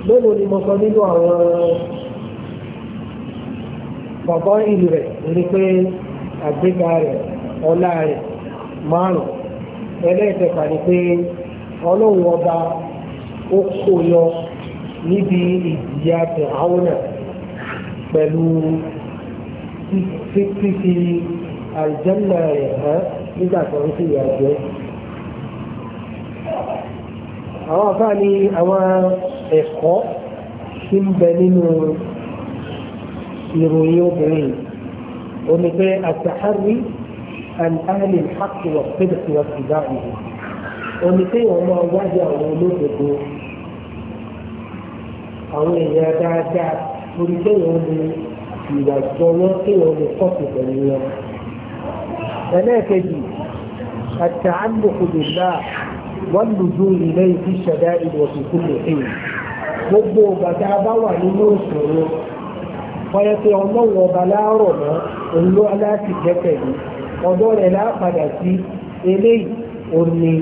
A: mélòó ni mo sọ nínú àwọn bàbá ìlú rẹ̀ ní pé àgbéga rẹ̀ ọlá rẹ̀ márùn ẹlẹ́ẹ̀kẹfà ni pé ọlọ́run ọba ó kó yọ níbi ìjìyà tẹ̀háwọ́nà pẹ̀lú fífi àìjẹ́nà rẹ̀ hàn nígbà tó ń fìyà jẹ. àwọn àbá ni àwọn ẹ̀kọ́ tí ń bẹ nínú ìròyìn obìnrin omi àtàhárí عن أهل الحق والصدق واتباعه ونقي وما وجه ولده àwọn èèyàn dáadáa lórí kéèyàn lè ìwàjọ wọn kéèyàn lè kọ́pù pẹ̀lú wọn. ẹlẹ́ẹ̀kejì التعلق بالله واللجوء إليه في الشدائد وفي كل حين gbogbo bàtà bá wà nínú ìṣòro ọyẹ pé ọlọ́wọ́ ọba láàárọ̀ mọ́ òun ló aláàtì jẹ́kẹ̀lé ọ̀dọ́ rẹ̀ lápadà sí eléyìí ò ní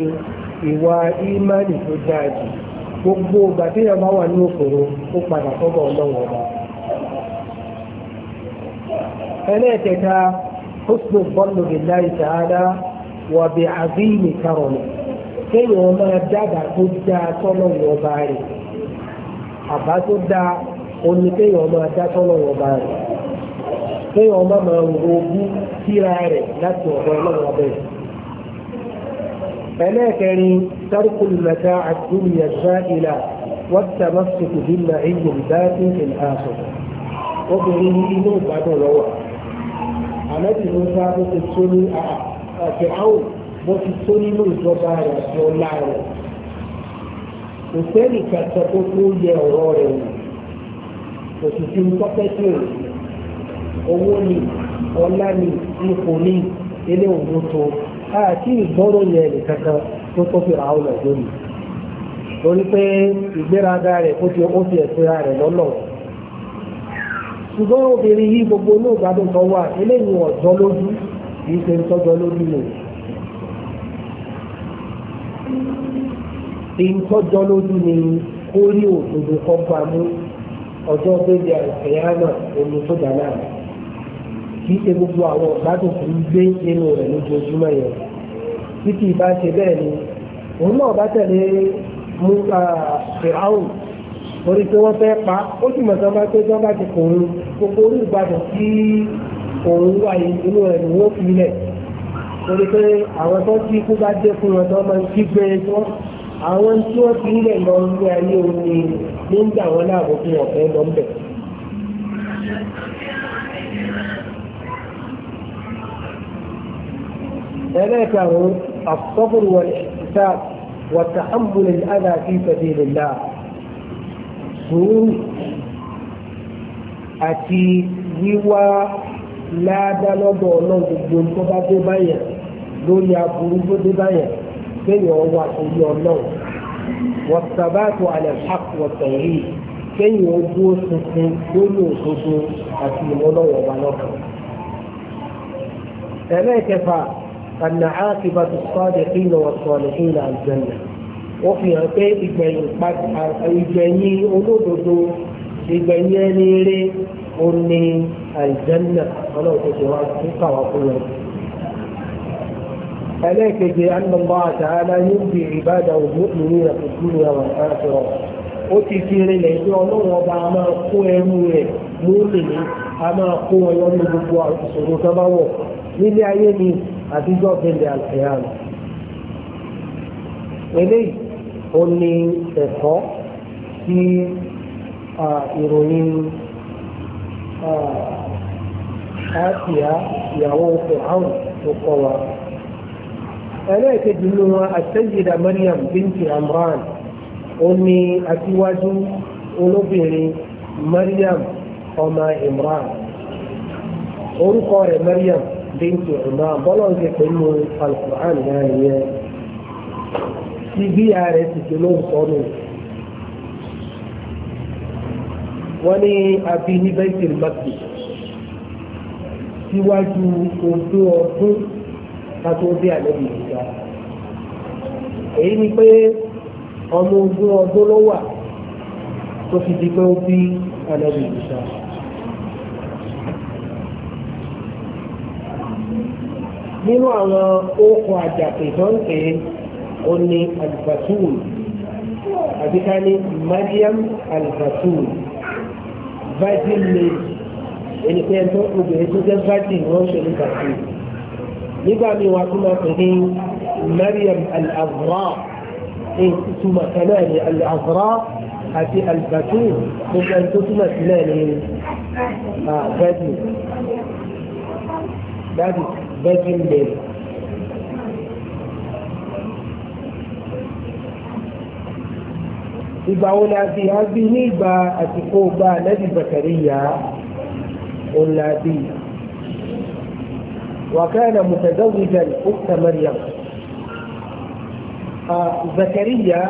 A: ìwà ìmánì tó gbogbo ìgbà tí yàrá wà ní òkòrò ó padà sọ́dọ̀ ọlọ́wọ́ ọba. ẹlẹ́ẹ̀kẹta husnu bọ́ọ̀lù billahi ta'ala wà bí azimi karọ̀lù kéèyàn máa dábàá tó dáa tọ́lọ́wọ́ ọba rẹ̀ àbá tó dáa máa dá ọba rẹ̀. kéèyàn ọmọ máa ń rogún síra rẹ̀ láti ọ̀dọ̀ ọlọ́run ọbẹ̀. ẹlẹ́ẹ̀kẹrin sárkùn mẹ́ta àdúnyà sáìlà wọ́n tàbá sùkù dínà ìgbòm dáàbò ìlàsọ. obìnrin inú ìgbádùn lọ́wọ́ àmẹ́tì ló sá bó ti tó ní àti áwò bó ti tó nínú ìjọba rẹ̀ àti ọlá rẹ̀. òṣèlú kàtàkó yẹ ọ̀rọ̀ rẹ̀ wò òṣìṣẹ́ owó ni ọlá ni ipò ni ilé òun tó àti ìgbọ́rọ̀ yẹn nìkan tó tó fi ra ọ̀nà lónìí torí pé ìgbéraga rẹ̀ ó ti ó ti ẹ̀sìnra rẹ̀ lọ́nà ṣùgbọ́n obìnrin yìí gbogbo inú ìgbádùn kan wà eléyìí ọ̀jọ́ lójú ṣe ń tọ́jọ́ lójú lójú ni kó rí òdodo kan gbà mú kìí ṣe àwọn ọ̀gbádùn tó ń gbé inú rẹ̀ lójoojúmọ́ yẹn títí ìbá ṣe bẹ́ẹ̀ ni òun náà bá tẹ̀lé mú fìràhùn torí pé wọ́n fẹ́ pa ó sì mọ̀ sọ́mọ́ pé sọ́mọ́ ti kò ń gbogbo orí ìgbàdùn tí òun wà inú rẹ̀ ni wọ́n fi lẹ̀ torí pé àwọn tó kí ikú bá dé fún wọn tó máa ń kí gbé e tó àwọn tí wọ́n fi lẹ̀ lọ ń ayé òun ni nígbà wọn láàbò fún ọ̀fẹ́ lọ́ńbẹ̀ẹ́. ẹlẹ́ẹ̀kẹrùn àkọ́bùrù wọn ìṣá wọ̀tà àmbùlù àdá fi sabilillah sùúrù àti wíwá ládàlọ́dọ̀ ọlọ́run gbogbo tó bá dé báyẹn lórí aburú tó dé báyẹn kéèyàn wà orí ọlọ́run wọ̀tàbáàtò alẹ́ hàk wọ̀tẹ̀rí kéèyàn ojú tuntun lórí òṣogbo àti ìmọ̀lọ́wọ̀ wà lọ́kàn. ẹlẹ́ẹ̀kẹfà أن عاقبة الصادقين والصالحين الجنة وفي عقيد إجمعين قد إجمعين أولوده إجمعين ليري أني الجنة ولو تجرات ثقة وقوة عليك بأن الله تعالى يبدي عباده المؤمنين في الدنيا والآخرة وتكير إليه ولو وضع ما قوة مؤمنين أما قوة يوم الجبوع الصدوق بوه من يعيني àtijọ́ bẹ̀rẹ̀ àlùfẹ́yàmù. eléyìí ó ní ẹ̀kọ́ sí ìròyìn àṣìá ìyàwó fìhàn tó kọ́ wa. ẹlẹ́ẹ̀kejì nínú wọn àṣẹ́yìdà Maryam bíntì Amran ó ní aṣíwájú olóbìnrin Maryam ọmọ Imran orúkọ rẹ̀ Maryam bíntì ọ̀nà bọ́lọ́ǹkì pẹ̀lú alukur'an náà nìyẹn tí bí ààrẹ ti ṣe ló ń sọ nù. wọ́n ní abí ní bẹ́ńkì mọ́tì síwájú ojú ọdún kátó bí àlẹ́bí èyí ni pé ọmọ ogun ọdún ló wà tó fi di pé ó bí àlẹ́bí ìgbà. nínú àwọn okùn àjàpè tó ń pè é ó ní alfasul àti ká ní mariam alfasul virgin maid ẹni pé ẹni tó ń obìnrin tó jẹ́ virgin wọ́n ṣe ní fasul nígbà mi wà tún máa pè ní mariam al-azra ìtumọ̀ kan ni ní al-azra àti alfasul gbogbo ẹni tó túmọ̀ sílẹ̀ ní virgin. باقي الليل في بولا في هذه با أتقو با نبي زكريا قل وكان متزوجا أخت مريم آه، زكريا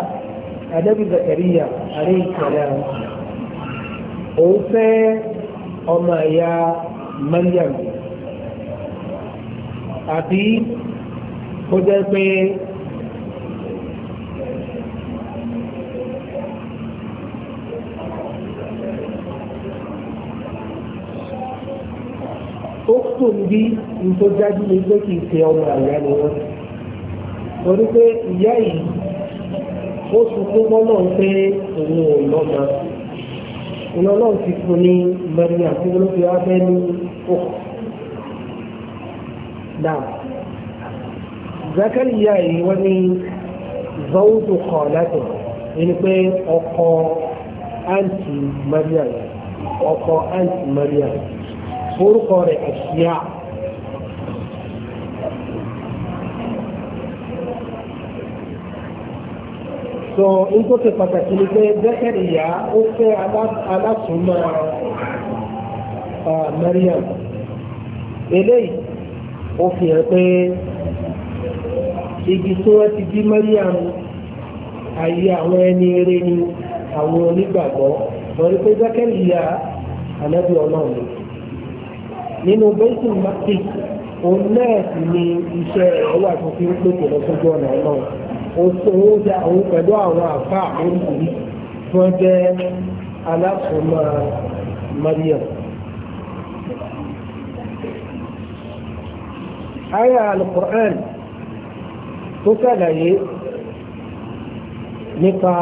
A: النبي زكريا عليه السلام أوفي أمايا مريم àbí ó jẹ́ pé ó kù níbi nǹkan dájú ni pé kì í ṣe ọmọ àyà ni wọ́n torí pé ìyá yìí ó sunkún mọ́nà pé òun ò lọ́mọ ìlọ́lọ́run ti fún ní mẹ́rin àti olóṣèlú abẹ́ ní òkú. نعم zakariya yìí wọ́n ní zawudu kọ̀ọ̀lẹ́tò ẹni pé ọkọ àǹtí mariam ọkọ àǹtí mariam orúkọ rẹ̀ àṣìyà so nítorí pàtàkì ni pé zakariya ó fẹ́ alásùnmọ́ mariam eléyìí ó fi hàn pé igi tí wọ́n ti bí Mariam ayé àwọn ẹni eré ni àwọn onígbàgbọ́ wọ́n pé Zakari ya ànábì ọlọ́run nínú bẹ́sìn martin òun náà sì ni iṣẹ́ rẹ̀ wà tó fi ń lọ́sọ́jọ́ ọ̀nà ọlọ́run òṣòwò ja òun pẹ̀lú àwọn àfa oríṣiríṣi tí wọ́n jẹ́ aláṣọmọ Mariam. àyà alukur'an tó ṣàlàyé nípa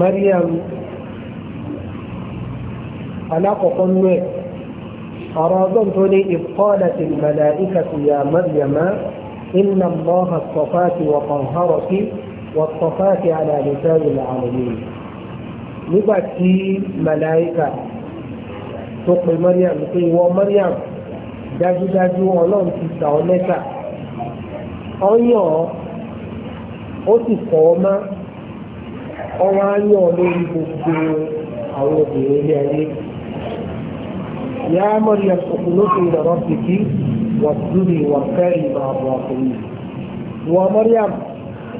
A: Maryam alákọ̀ọ́kọ́ nú ẹ̀ ọ̀rọ̀ ọdún tó ní ìfọ́lẹ̀tì mẹ̀lẹ́ìkàtì ya Maryam إن الله اصطفاك وطهرك واصطفاك على لسان العالمين nígbà tí mẹ̀láìkà tó pe Maryam pé wọ́n Maryam dájúdájú ọlọ́run ti gbà ọ lẹ́tà ọyàn ó sì kọ́ ọ mọ́ ọwọ́ ayọ̀ lórí gbogbo àwọn obìnrin ilé ayé. يا مريم اقنطي لربك واسجدي واركعي مع الراكعين ومريم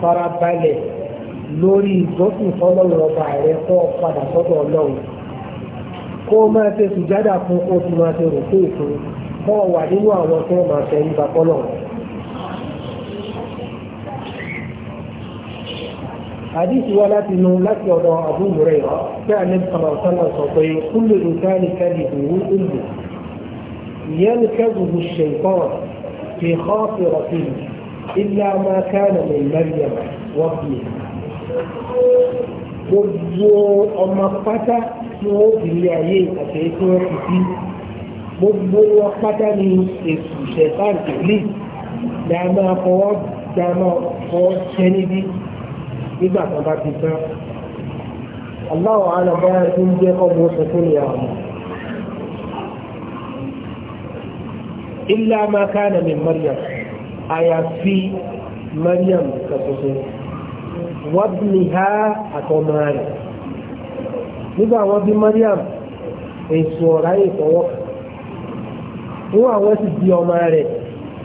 A: farabalẹ̀ lórí ìjọsìn fọlọ́run ọba rẹ̀ kọ́ padà sọ́dọ̀ ọlọ́run kó máa ṣe sùjádà fún kó máa ṣe rò kọ́ wà nínú àwọn tó máa tẹ nípa kọ́lọ̀. Àdìsí wa láti nu láti ọ̀dọ̀ Abu Hurairah tí a ní sọ̀rọ̀ sọ́nà sọ pé kullu insani kadhibuhu ìlú. ينكبه الشيطان في خاطرته إلا ما كان من مريم وابنها gbogbo ọmọ pátá tí wọn fi lé ayé àti ètò ẹkùn gbogbo wọn pátá ni èsù ṣẹ̀tàn ìlú dáná fọwọ́ dáná fọwọ́ ṣẹ́ níbí nígbà tó bá ti tán. Allahu àlọ́ bá ti ń jẹ́ kọ́mọ oṣù tó ní àwọn. Illa ma kana min Maryam, àyàfi Maryam kàtúnṣe, wabniha àtọ́mọ́ rẹ̀. Nígbà wọn bí Maryam, èsù ọ̀rá ìfọwọ́ kan fún àwọn sì di ọmọ rẹ̀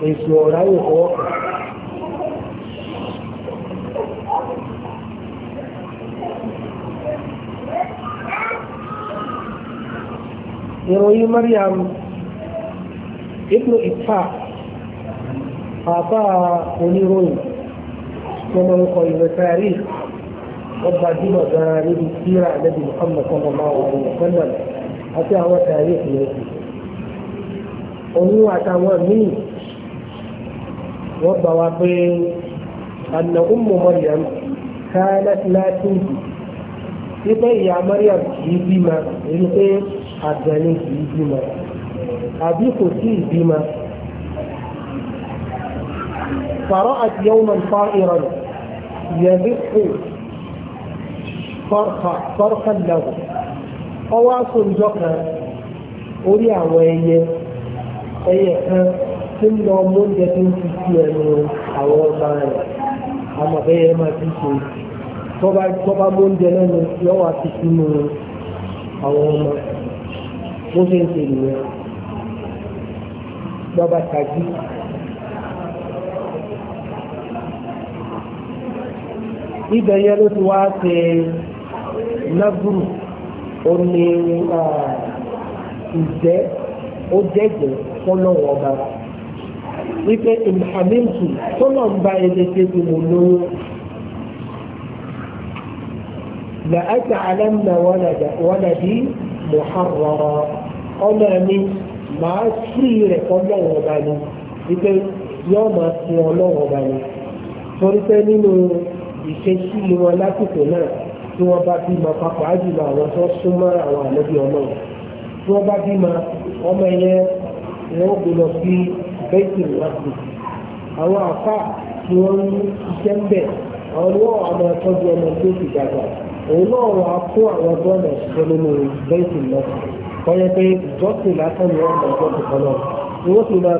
A: èso ọ̀rá wò fọwọ́ kàn. ìròyìn Mariam ibnu ifa àbá oníròyìn tó mọ ń kọ ìwé tààrí wọ́n gbajúmọ̀ gan-an níbi síra Ànábì Muhammad sallallahu alaihi wa sallam àti àwọn tààrí ìpínlẹ̀ èkó òun àtàwọn míì wọ́n gbà wá pé àna umu Maryam kanat latin wípé ìyá Maryam kìí bímọ èyí pé àgbẹ̀ni kìí bímọ àbí kò sí ìbímọ. فرأت يوما طائرا يبق فرخا فرخا له ọwọ́ àsùnjọ́ kan orí àwọn ẹyẹ ẹyẹ kan tí ń lọ mú oúnjẹ tó ń fi sí ẹnu àwọn ọba rẹ̀ àmọ́ bẹ́yẹ máa ti ṣe tọ́ba tọ́ba mú oúnjẹ lẹ́nu yóò wá fi sínú àwọn ọmọ bó ṣe ń ṣe nìyẹn lọ́ba tàbí. ibẹ̀ yẹn ló ti wá ṣe nágùrù ó ní ah, ìjẹ́ ó jẹ́jẹ́ fọ́lọ́wọ́ ọba wípé ìmọ̀hámẹ́ǹtì tọ́lọ̀ ń bá ẹgbẹ́ ṣe ti mú lówó la ata alamna waladi muharrara ọmọ mi màá sí rẹ̀ fọ́lọ́wọ́ ọba ni wípé yóò máa sin ọlọ́wọ́ ọba ni torí pé nínú ìṣesí wọn lásìkò náà tí wọ́n bá bímọ pàápàá jùlọ àwọn tó súnmọ́ àwọn àlejò ọlọ́run tí wọ́n bá bímọ ọmọ ẹ̀yẹ ni wọ́n gbé lọ sí bẹ́ẹ̀kì ìwádìí àwọn àfà tí wọ́n ń ṣiṣẹ́ ń bẹ̀ àwọn ni wọ́n àwọn ẹ̀tọ́jú ọmọ tó ti dàgbà òun náà wà á na àwọn bọ́ọ̀lù ẹ̀ṣiṣẹ́ nínú bẹ́ẹ̀kì ìwádìí kọ́yẹ́ pé ìjọsìn lásán ni wọ́n gbàgbọ́ ti kọ́ náà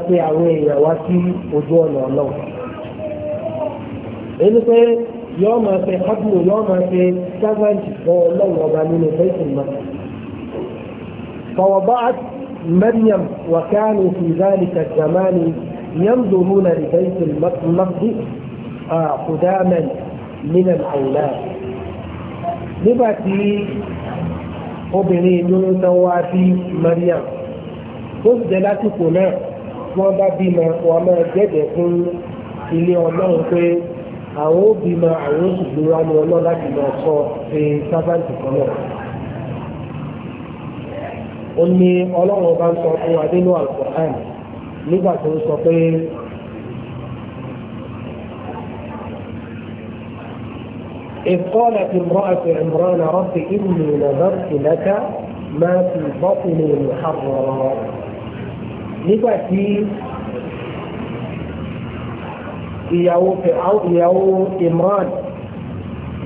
A: ni مريم وكانوا في ذلك الزمان ينظرون لبيت المقدس قداما من الأولاد نبتي obìnrin ló ń tán wá sí Mariam tó sì jẹ́ lásìkò náà wọ́n bá bímọ wọn máa jẹ́jẹ́ fún ilé ọlọ́run pé àwọn ó bímọ àwọn oṣù gbéra ni ọlọ́run láti lọ sọ pé eh, sábàǹtì kan náà ó ní ọlọ́run ọba ń sọ fún wa nínú Al-Qur'an nígbà tó ń sọ pé إذ قالت امرأة عمران رب إني نذرت لك ما في بطني محررا nígbà tí ìyàwó ìyàwó Imran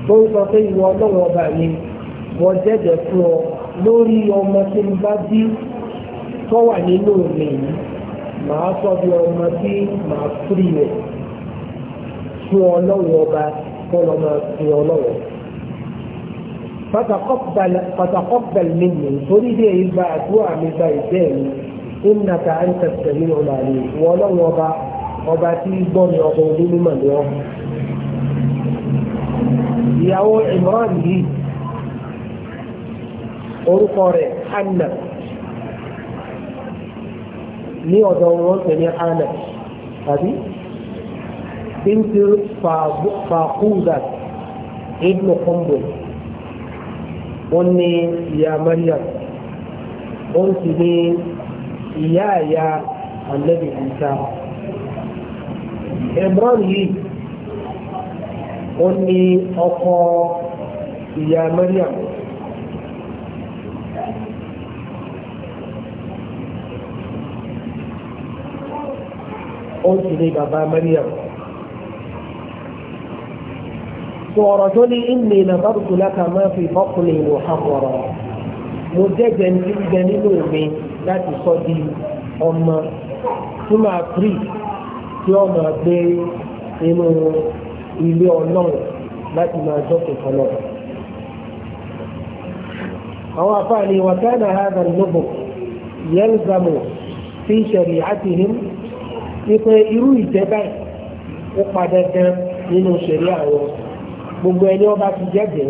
A: tó ń sọ pé ìwọ ọlọ́run ọba mi wọ́n jẹ́jẹ́ fún ọ lórí ọmọ tí mo bá bí tó wà nínú mi yìí màá sọ bí ọmọ tí màá fúri rẹ̀ fún ọlọ́wọ́ ọba kọ́lọ́ máa fi ọlọ́wọ́. فتقبل مني تريد إذا أدعو من بيتين إنك أنت السميع العليم ولو وضع ọba tí gbọ́n ní ọkọ̀ onímọ̀ ní ọ̀hún. ìyàwó Imran yìí orúkọ rẹ̀ anna ní ọ̀dọ̀ wọn pè ní anna tàbí bíntì fàkúzà ibnu kọ́mbò wọn ní ìyá mariam wọn sì ní ìyá àyà anabi isa imran yìí wọn ní ọkọ ìyá mariam. ó sì ní bàbá Maryam sọ̀rọ̀ tó ní ìmì nàbàbùkù láta máa fi bọ́kùnrin ìlú àkọ́rọ̀ mo jẹ́jẹ́ ní gbẹ nínú mi láti sọ di ọmọ tí máa pírì tí ó máa gbé inú ilé ọlọ́run láti máa jọ́kùn kan àwọn afáàní wàtánà hàdà lóbò yẹlzamu fi ṣẹ̀rì àtìhìn wípé irú ìjẹ báyìí ó pa dandan nínú ṣẹ̀rí àwọn gbogbo ẹni ọba ti jẹ́jẹ́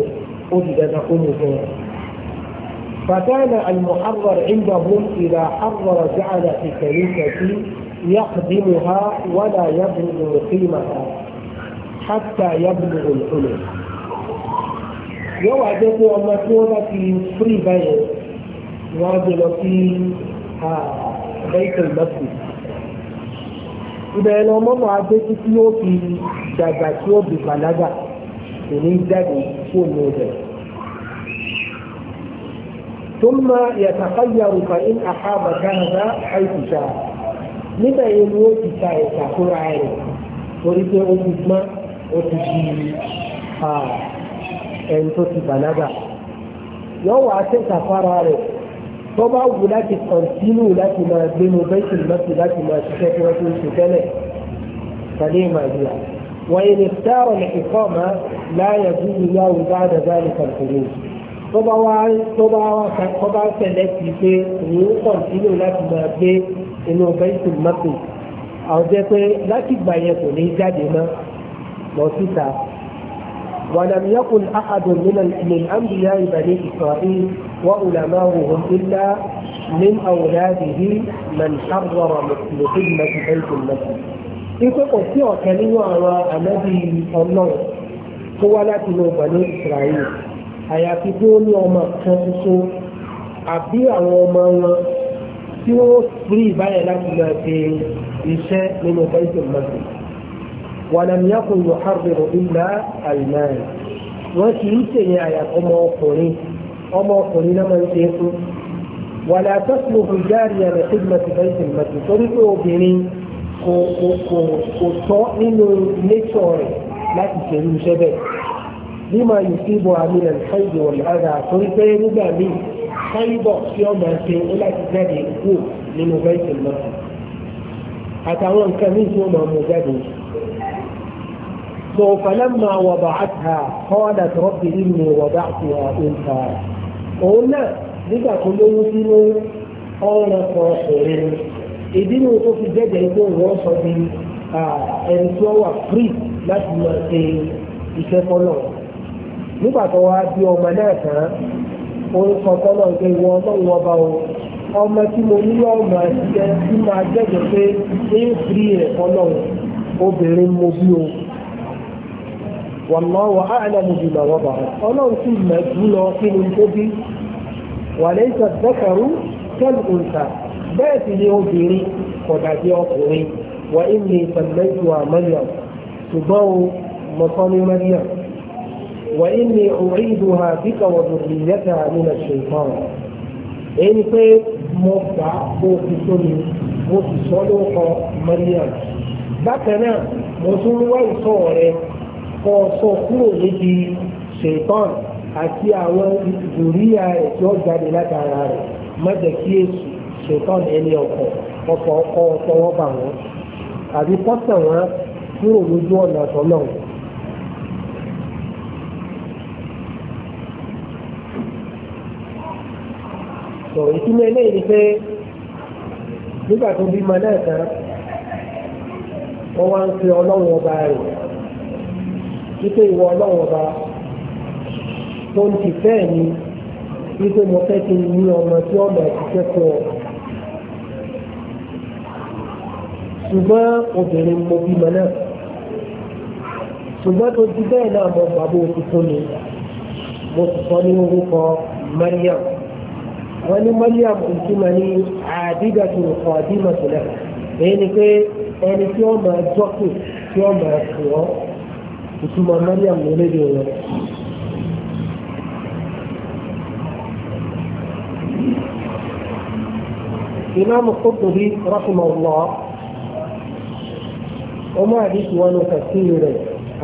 A: ó ti dandan kó lè fún wọn. فكان المحرر عندهم إذا حرر جعل في كنيسة يخدمها ولا يبلغ مقيمها حتى يبلغ الحلم yóò wá jẹ́ pé ọmọ tí wọ́n bá ti fúrí báyẹn wọ́n á gbé lọ sí bẹ́ẹ̀kì mẹ́sì ibẹ̀ ẹ ọmọ mọ́mọ́ abé títí yóò fi dàgbà tí ó di bàlágà kò ní jáde kó ní ọbẹ̀. ثم يتخير فإن أصاب كندا حيث شاء nígbà yẹn ni ó ti ta ìṣàkóra rẹ̀ torí pé ó ti gbọ́n ó ti ẹni tó ti yọ rẹ̀ tó bá wù láti kọ̀ntínú láti máa gbénu bẹ́ẹ̀kì lọ́sì láti máa ṣiṣẹ́ tí wọ́n ti ń ṣe tẹ́lẹ̀ tàbí màdìyà wọ́n ni tẹ́rọ ní ìkọ́ ma láyé dúdú yáwù dáadà dáadà kọ̀ntínú tó bá wá tó bá tẹ̀lé ti pé òun kọ̀ntínú láti máa gbé inú bẹ́ẹ̀kì lọ́sì àwọn jẹ́ pé láti gbà yẹn kò ní jáde mọ́ lọ síta. ولم يكن أحد من من أنبياء بني إسرائيل وعلماؤهم إلا من أولاده من حرر لخدمة بيت المسجد ipe kò sí ọ̀kẹ́ nínú àwọn ànábì ọlọ́run tó wá láti inú bàní israẹli àyàfi bí ó ní ọmọ kan ṣoṣo àbí àwọn ọmọ wọn tí wọ́n rí ìbáyẹ̀ láti máa ṣe iṣẹ́ nínú bẹ́ẹ̀sì mọ́tò. ولم يكن يحرر إلا المال وكيتني يا أم أخرين أم أخرين من تيسو ولا تصلح الجارية لخدمة بيت المسجد طريقه بني kò tọ́ nínú nẹ́tọ̀ rẹ̀ láti ṣerú iṣẹ́ bẹ́ẹ̀. Bímọ ìṣíbọ̀ àmìlẹ̀ ṣáìdì ọ̀làdà torí pé nígbà míì ṣáìbọ̀ tí ọmọ ṣe ó láti jáde kú nínú bẹ́ẹ̀sì lọ́sùn. Àtàwọn nǹkan míì tí ó máa mú jáde yìí so falamma wada'atha qalat rabbi inni wada'tuha untha òun náà nígbà tó lóyún sínú ọ̀ràn kan ọ̀rẹ́ ìdí ni tó fi jẹ́jẹ́ ikú wọ́n sọ di ẹni tí wọ́n wà free láti máa ṣe iṣẹ́ fọ́lọ̀ nígbà tó wá bí ọmọ náà tán orúkọ tọ́lọ̀ ń pé ìwọ ọlọ́run ọba o ọmọ tí mo ní ọmọ ẹ̀ṣẹ́ tí máa jẹ́jọ́ pé ń fi rẹ̀ fọ́lọ̀ obìnrin mo bí o. والله أعلم بما وضع أنا ثم جل في الكبي وليس الذكر كالأنثى باتي يوبيري وباتي أقوي وإني سميتها مريم تضو مصان مريم وإني أعيدها بك وذريتها من الشيطان ẹni pé mo gbà ó fi tó mi mo sì sọ lóko mariam bákan náà mo tún wá ìsọ rẹ kọ́ sọ kúrò níbi ṣètọ́n àti àwọn ìdòríyà rẹ̀ tí ó jáde látara rẹ̀ má kí èsì ṣètọ́n ẹni bà wọ́n àbí pọ́sẹ̀ wọn kúrò lójú ọ̀nà tọ́lọ̀. ìtumọ̀ eléyìí wípé ìwọ ọlọ́wọ́ ọba tó ń ti fẹ́ mi wípé mo fẹ́ kí n ní ọmọ tí ọ̀nà ìṣiṣẹ́ fún ọ. ṣùgbọ́n obìnrin mo bímọ náà ṣùgbọ́n tó ti bẹ́ẹ̀ náà mo bàbá òkú fún mi mo sì sọ ní orúkọ Mariam wọ́n ní Mariam ìtumọ̀ ní àdídàtò ọ̀dímọ̀tò náà èyí ni pé ẹni tí ó máa jọ́kù tí ó máa sùn ìtumọ̀ مريم lédè wọn. إمام القرطبي رحمه الله وما حديث وانا تفسير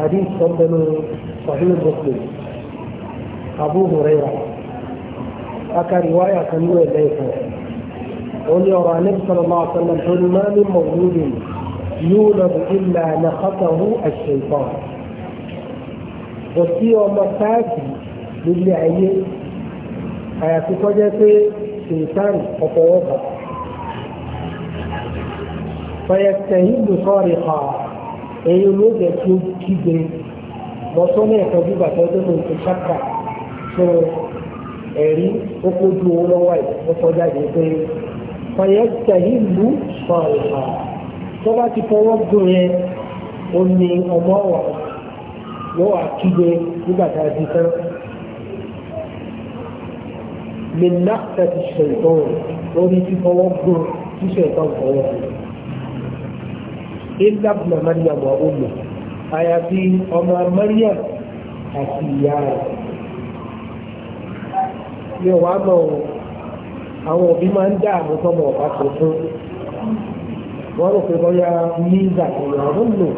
A: حديث قدم صحيح مسلم أبو هريرة أكا رواية كنوية ليس قل يرى النبي صلى الله عليه وسلم قل ما من مولود يولد إلا نخته الشيطان kò sí ọmọ táàkì nílé ayé àyàfi kọjá pé ṣèǹtàn ọ̀pọ̀lọpọ̀ fẹ̀yẹ̀tẹ̀yìn lùkọ́ rẹ̀ pa èyí ló jẹ́ kí ó kígbe lọ́sọ́nà ẹ̀kọ́ gbígbà tó tó lóun ti ṣáka tó ẹ̀rí ó kójú owó lọ́wọ́ ẹ̀ ó kọjá dé pé fẹ̀yẹ̀tẹ̀yìn lùkọ́ rẹ̀ pa tó bá ti fọwọ́ gbòòrè ó ní ọmọ ọ̀rọ̀ yóò wá kígbe nígbà di tán. min náà ti ṣe ìtọ́wò lórí fífọwọ́ gún ṣíṣe ìtọ́wò fọwọ́ gún. ilá bùnà mariam wà ó lò àyàfi ọmọ mariam àti ìyá rẹ̀. mi ò wá mọ̀ ọ́ àwọn òbí máa ń dá àwọn tọmọ ọ̀pá tuntun wọ́n rò pé bọ́yá ní ìgbà tó yà ọ́ lò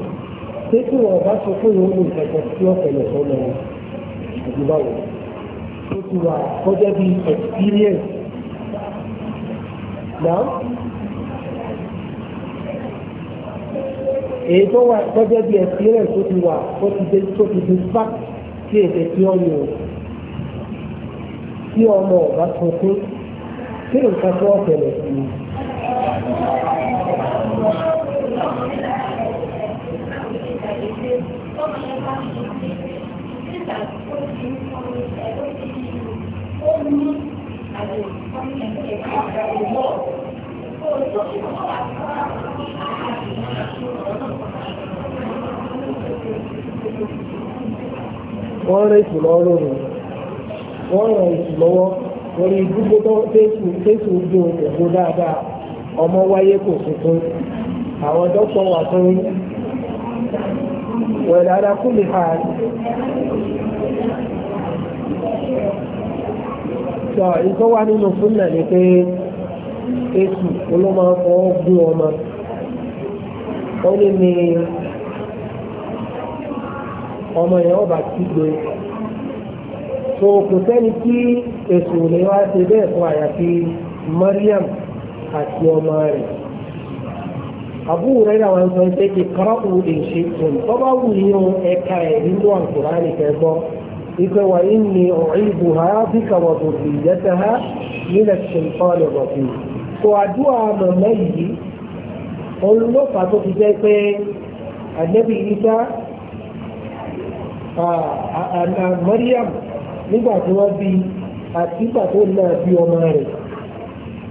A: pé tí wọn bá sọ fún yòówù ìfẹsẹ̀ tí ọ̀pẹ̀lẹ̀ tó lọ àdúgbò tó ti wà kọjá bí experience náà èyí tó wà kọjá bí experience tó ti wà tó ti dé tó ti dé fact sí èdè tí ó yọ tí ọmọ ọba sọ fún kí nǹkan tó ọ̀pẹ̀lẹ̀ sí i. wọ́n rẹ̀ sùn lọ́rùn rẹ̀ wọ́n rẹ̀ sùn lọ́wọ́ orí gbogbo tó tẹ̀sù ojú òkú dáadáa ọmọ wáyé kò tuntun àwọn dókítà wà tó ń وإلى على كل حال sọ ìtọ́ wà nínú súnà ni pé èsù olóma fọwọ́ gún ọmọ ó ní ní ọmọ yẹn ọba kígbe so kò sẹ́ni tí èsù lè wá ṣe bẹ́ẹ̀ fún àyàfi Mariam àti ọmọ rẹ̀ abu rẹ̀ àwọn ẹ̀sọ́ ṣe kí kọ́rọ́pù lè ṣe tún tó bá wù ní ohun ẹ̀ka ẹ̀ nínú àǹkùránì fẹ́ gbọ́ ife wa inni ọ̀ìbù ha bí kàwọ̀ tó fi ha nílẹ̀ ṣèǹtọ́ọ̀lù rọ̀bì tó àdúrà mọ̀mọ́ yìí òun tó fi jẹ́ pé àdẹ́bí isa Maryam nígbà tí wọ́n bí àtìgbà tó náà bí ọmọ rẹ̀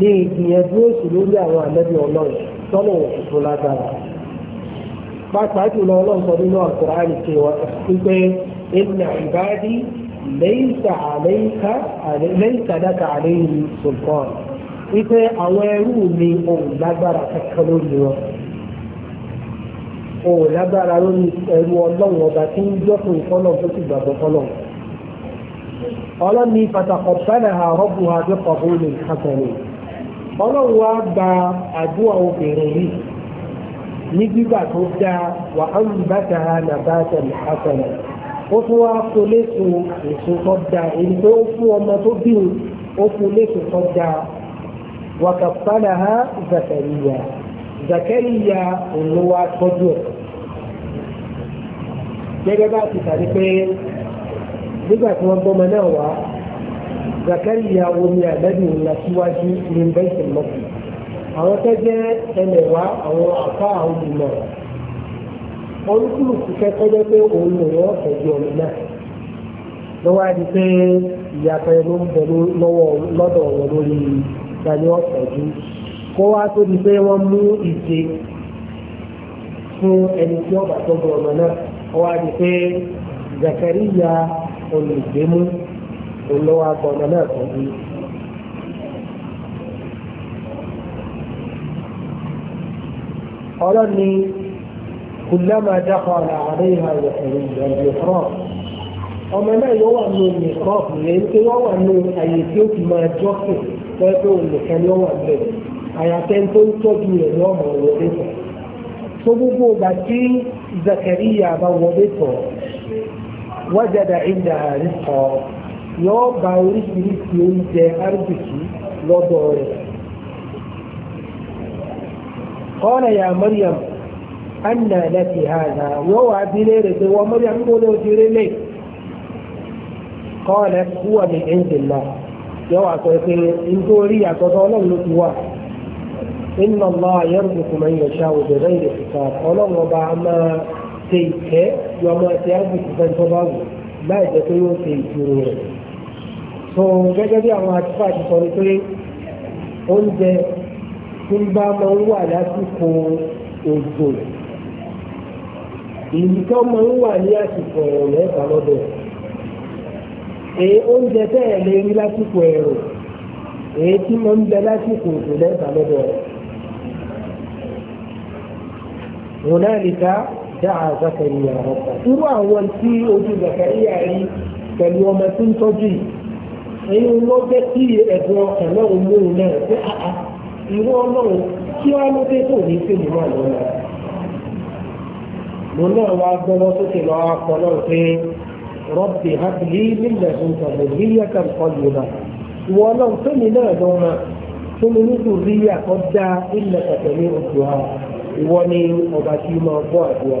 A: ní ìgbìyànjú èsì lórí àwọn àlẹ́bí ọlọ́run tọ́lọ̀ wọ̀ lágbára. pàápàá jùlọ ọlọ́run sọ nínú àkùránì ṣe wá pípé inna ibadi laysa alayka laysa laka alayhim àwọn ẹrú mi ò lágbára kankan lórí wọn ò lágbára lórí ẹrú ọlọ́run ọba tí ń jọ́sìn ìfọ́nà tó sì gbàgbọ́ fọ́nà ọlọ́run wá gba àdúrà obìnrin yìí ní gbígbà tó dáa wà á ń bàtà nàbàtà nàbàtà ó tún wá kó léṣo èso tó dáa èyí tó fún ọmọ tó bí ó fún léṣo tó dáa wà kàfàlà ha zakariya zakariya òun wá tọ́jú ẹ̀ gẹ́gẹ́ bá ti tàbí pé nígbà tí wọ́n gbọ́mọ náà wá zakariya omi àdáni ńlá síwájú ní bẹ́ẹ̀sì mọ́tì àwọn tó jẹ́ ẹlẹ́wà àwọn àfa àwọn ìmọ̀ olúkúlùkù kẹ́kọ̀ọ́ jẹ́ pé òun lè wọ́n fẹ̀jọ́ omi náà lọ́wọ́ àti pé ìyàtọ̀ ẹ̀ ló ń bẹ lọ́wọ́ lọ́dọ̀ ọ̀rọ̀ lórí ìdáni ọ̀fẹ̀jú kó wá tó di pé wọ́n mú ìje fún ẹni tí ọ̀bà tó bọ̀ ọ̀nà náà wọ́n wá pé zakariya olùgbémú olówó agbọ̀nà náà tó bí. ọlọ́ni kùlẹ́mà dákọ̀ àlàáfẹ́ ìhà ìwọ̀sẹ̀rẹ̀ ìjọba ọmọ náà yóò wà ní nìkọ́ọ̀pù yẹn pé wọ́n wà ní àyè tí ó ti máa jọ́sìn lọ́wọ́ pé olùkẹ́ wà bẹ̀rẹ̀ àyàfẹ́ tó ń tọ́jú rẹ̀ ní ọmọ ìwọlé tọ̀ tó gbogbo ìgbà tí Zakariya bá wọlé tọ̀ wájàdà ìjà àríkọ̀ọ́ yọ baa oríṣiríṣi oúnjẹ arzikì lọ́dọ̀ rẹ̀. kọ́lá ya Maryam anna laki hada yóò wá bílé rẹ̀ pé wọ́n Maryam kó ló ti rí lè. kúwà ní ẹ̀ńdìlá yóò wá sọ pé nítorí àtọ́tọ́ ọlọ́run ló ti wà. inna Allah yarzuqu man yasha'u bi ghayri hisab ọlọ́run ọba a máa ṣe ìkẹ́ yọmọ ẹ̀ṣẹ́ àgbèsè fẹ́ tó láì jẹ́ pé tó gẹ́gẹ́ bí àwọn àtúfà ti sọ ni pé oúnjẹ tí ń bá máa ń wà lásìkò òjò èyí tó máa ń wà ní àsìkò ẹ̀rùn lẹ́ẹ̀ka lọ́dọ̀ èyí oúnjẹ tẹ́ ẹ̀ lè rí lásìkò ẹ̀rùn èyí tí máa ń bẹ lásìkò òjò lẹ́ẹ̀ka lọ́dọ̀ rẹ̀. هنالك دعا زكريا ربه irú àwọn tí ojú Zakariya rí pẹ̀lú ọmọ tí ń tọ́jú yìí ẹ̀yin ló jẹ́ kí ẹ̀dùn ọkàn náà mú un náà pé àá ìwọ náà kí wọ́n ló dé tó ní sí mi náà lọ́nà. mo náà wá gbọ́dọ̀ sókè lọ́wọ́ akọ náà pé rọ́bì hábìlì nílẹ̀ tó ń tàbí níyà kàǹkọ́ yìí náà ìwọ náà fẹ́mi náà lọ́nà fúnmi nígbò rí àkọ́dá ilẹ̀ pẹ̀lú oṣù ha ìwọ ni ọba tí mo gbọ́ àdúrà.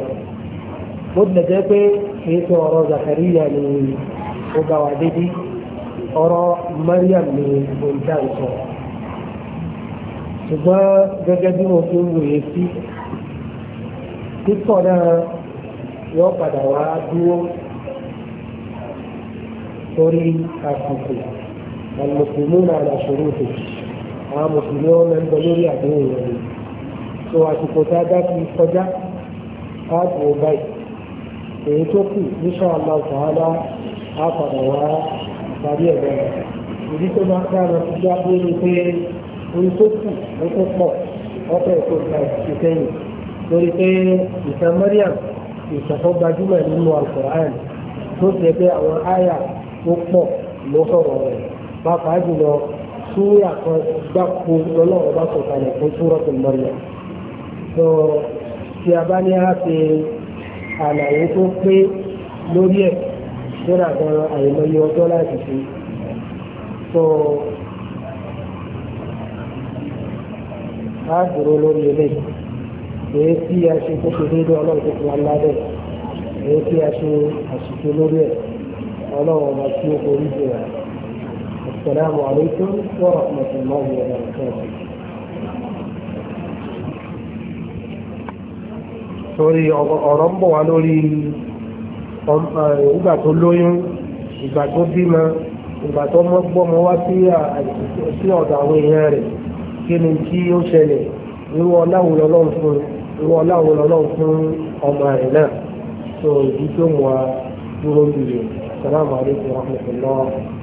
A: mo tilẹ̀ jẹ́ pé kì í sọ ọ̀rọ̀ Zakariya ni ó bá wa débi ọ̀rọ̀ Maria ni oúnjẹ àìsàn ṣùgbọ́n gẹ́gẹ́ bí mo fi ń wòye sí kíkọ̀ náà yóò padà wá dúró torí àsìkò àlùmùsùlùmí náà làṣọrò òkè àwọn mùsùlùmí wọn máa lórí àdéhùn rẹ ni so àsìkò tá a dá fi kọjá káàdùn báyìí èyí tó kù níṣà aláǹfààní á wá parí ẹ̀ lọ́wọ́ ìdí tó máa ká lọ sí jábọ́ ni pé orí tó kù ló tó pọ̀ ọ̀pẹ̀ tó ta ìṣe sẹ́yìn lórí pé ìtàn Mariam ìṣàkó gbajúmọ̀ nínú Al-Qur'an tó jẹ́ pé àwọn àyà tó pọ̀ ló sọ̀rọ̀ rẹ̀ pàápàá jùlọ súwúrà kan gbáko lọ́lọ́run bá sọ̀tà lẹ̀ fún Suratul Maryam. tó tí a bá ní á àlàyé tó pé lórí ẹ̀ tíra gan àìmọye ọjọ́ láti ṣe so a dúró lórí eléyìí èyí tí a ṣe tó ṣe déédéé ọlọ́run tó fi wá ládẹ́ èyí tí a ṣe àṣìṣe lórí ẹ̀ ọlọ́run ọba tí ó forí jù wá asalaamu alaykum wa rahmatulahi wa barakatuh. sórí ọ̀rọ̀ ń bọ̀ wá lórí ìgbà tó lóyún ìgbà tó bímọ ìgbà tó mọ́gbọ́mọ wá sí ọ̀dọ̀ àwọn èèyàn rẹ̀ kí ni kí ó ṣẹlẹ̀ irú ọláwo lọ́lọ́run fún irú ọláwo lọ́lọ́run fún ọmọ rẹ̀ náà tó ìdí tó mọ̀ á dúró lulẹ̀ sàlámù alaykum wa rahmatulah.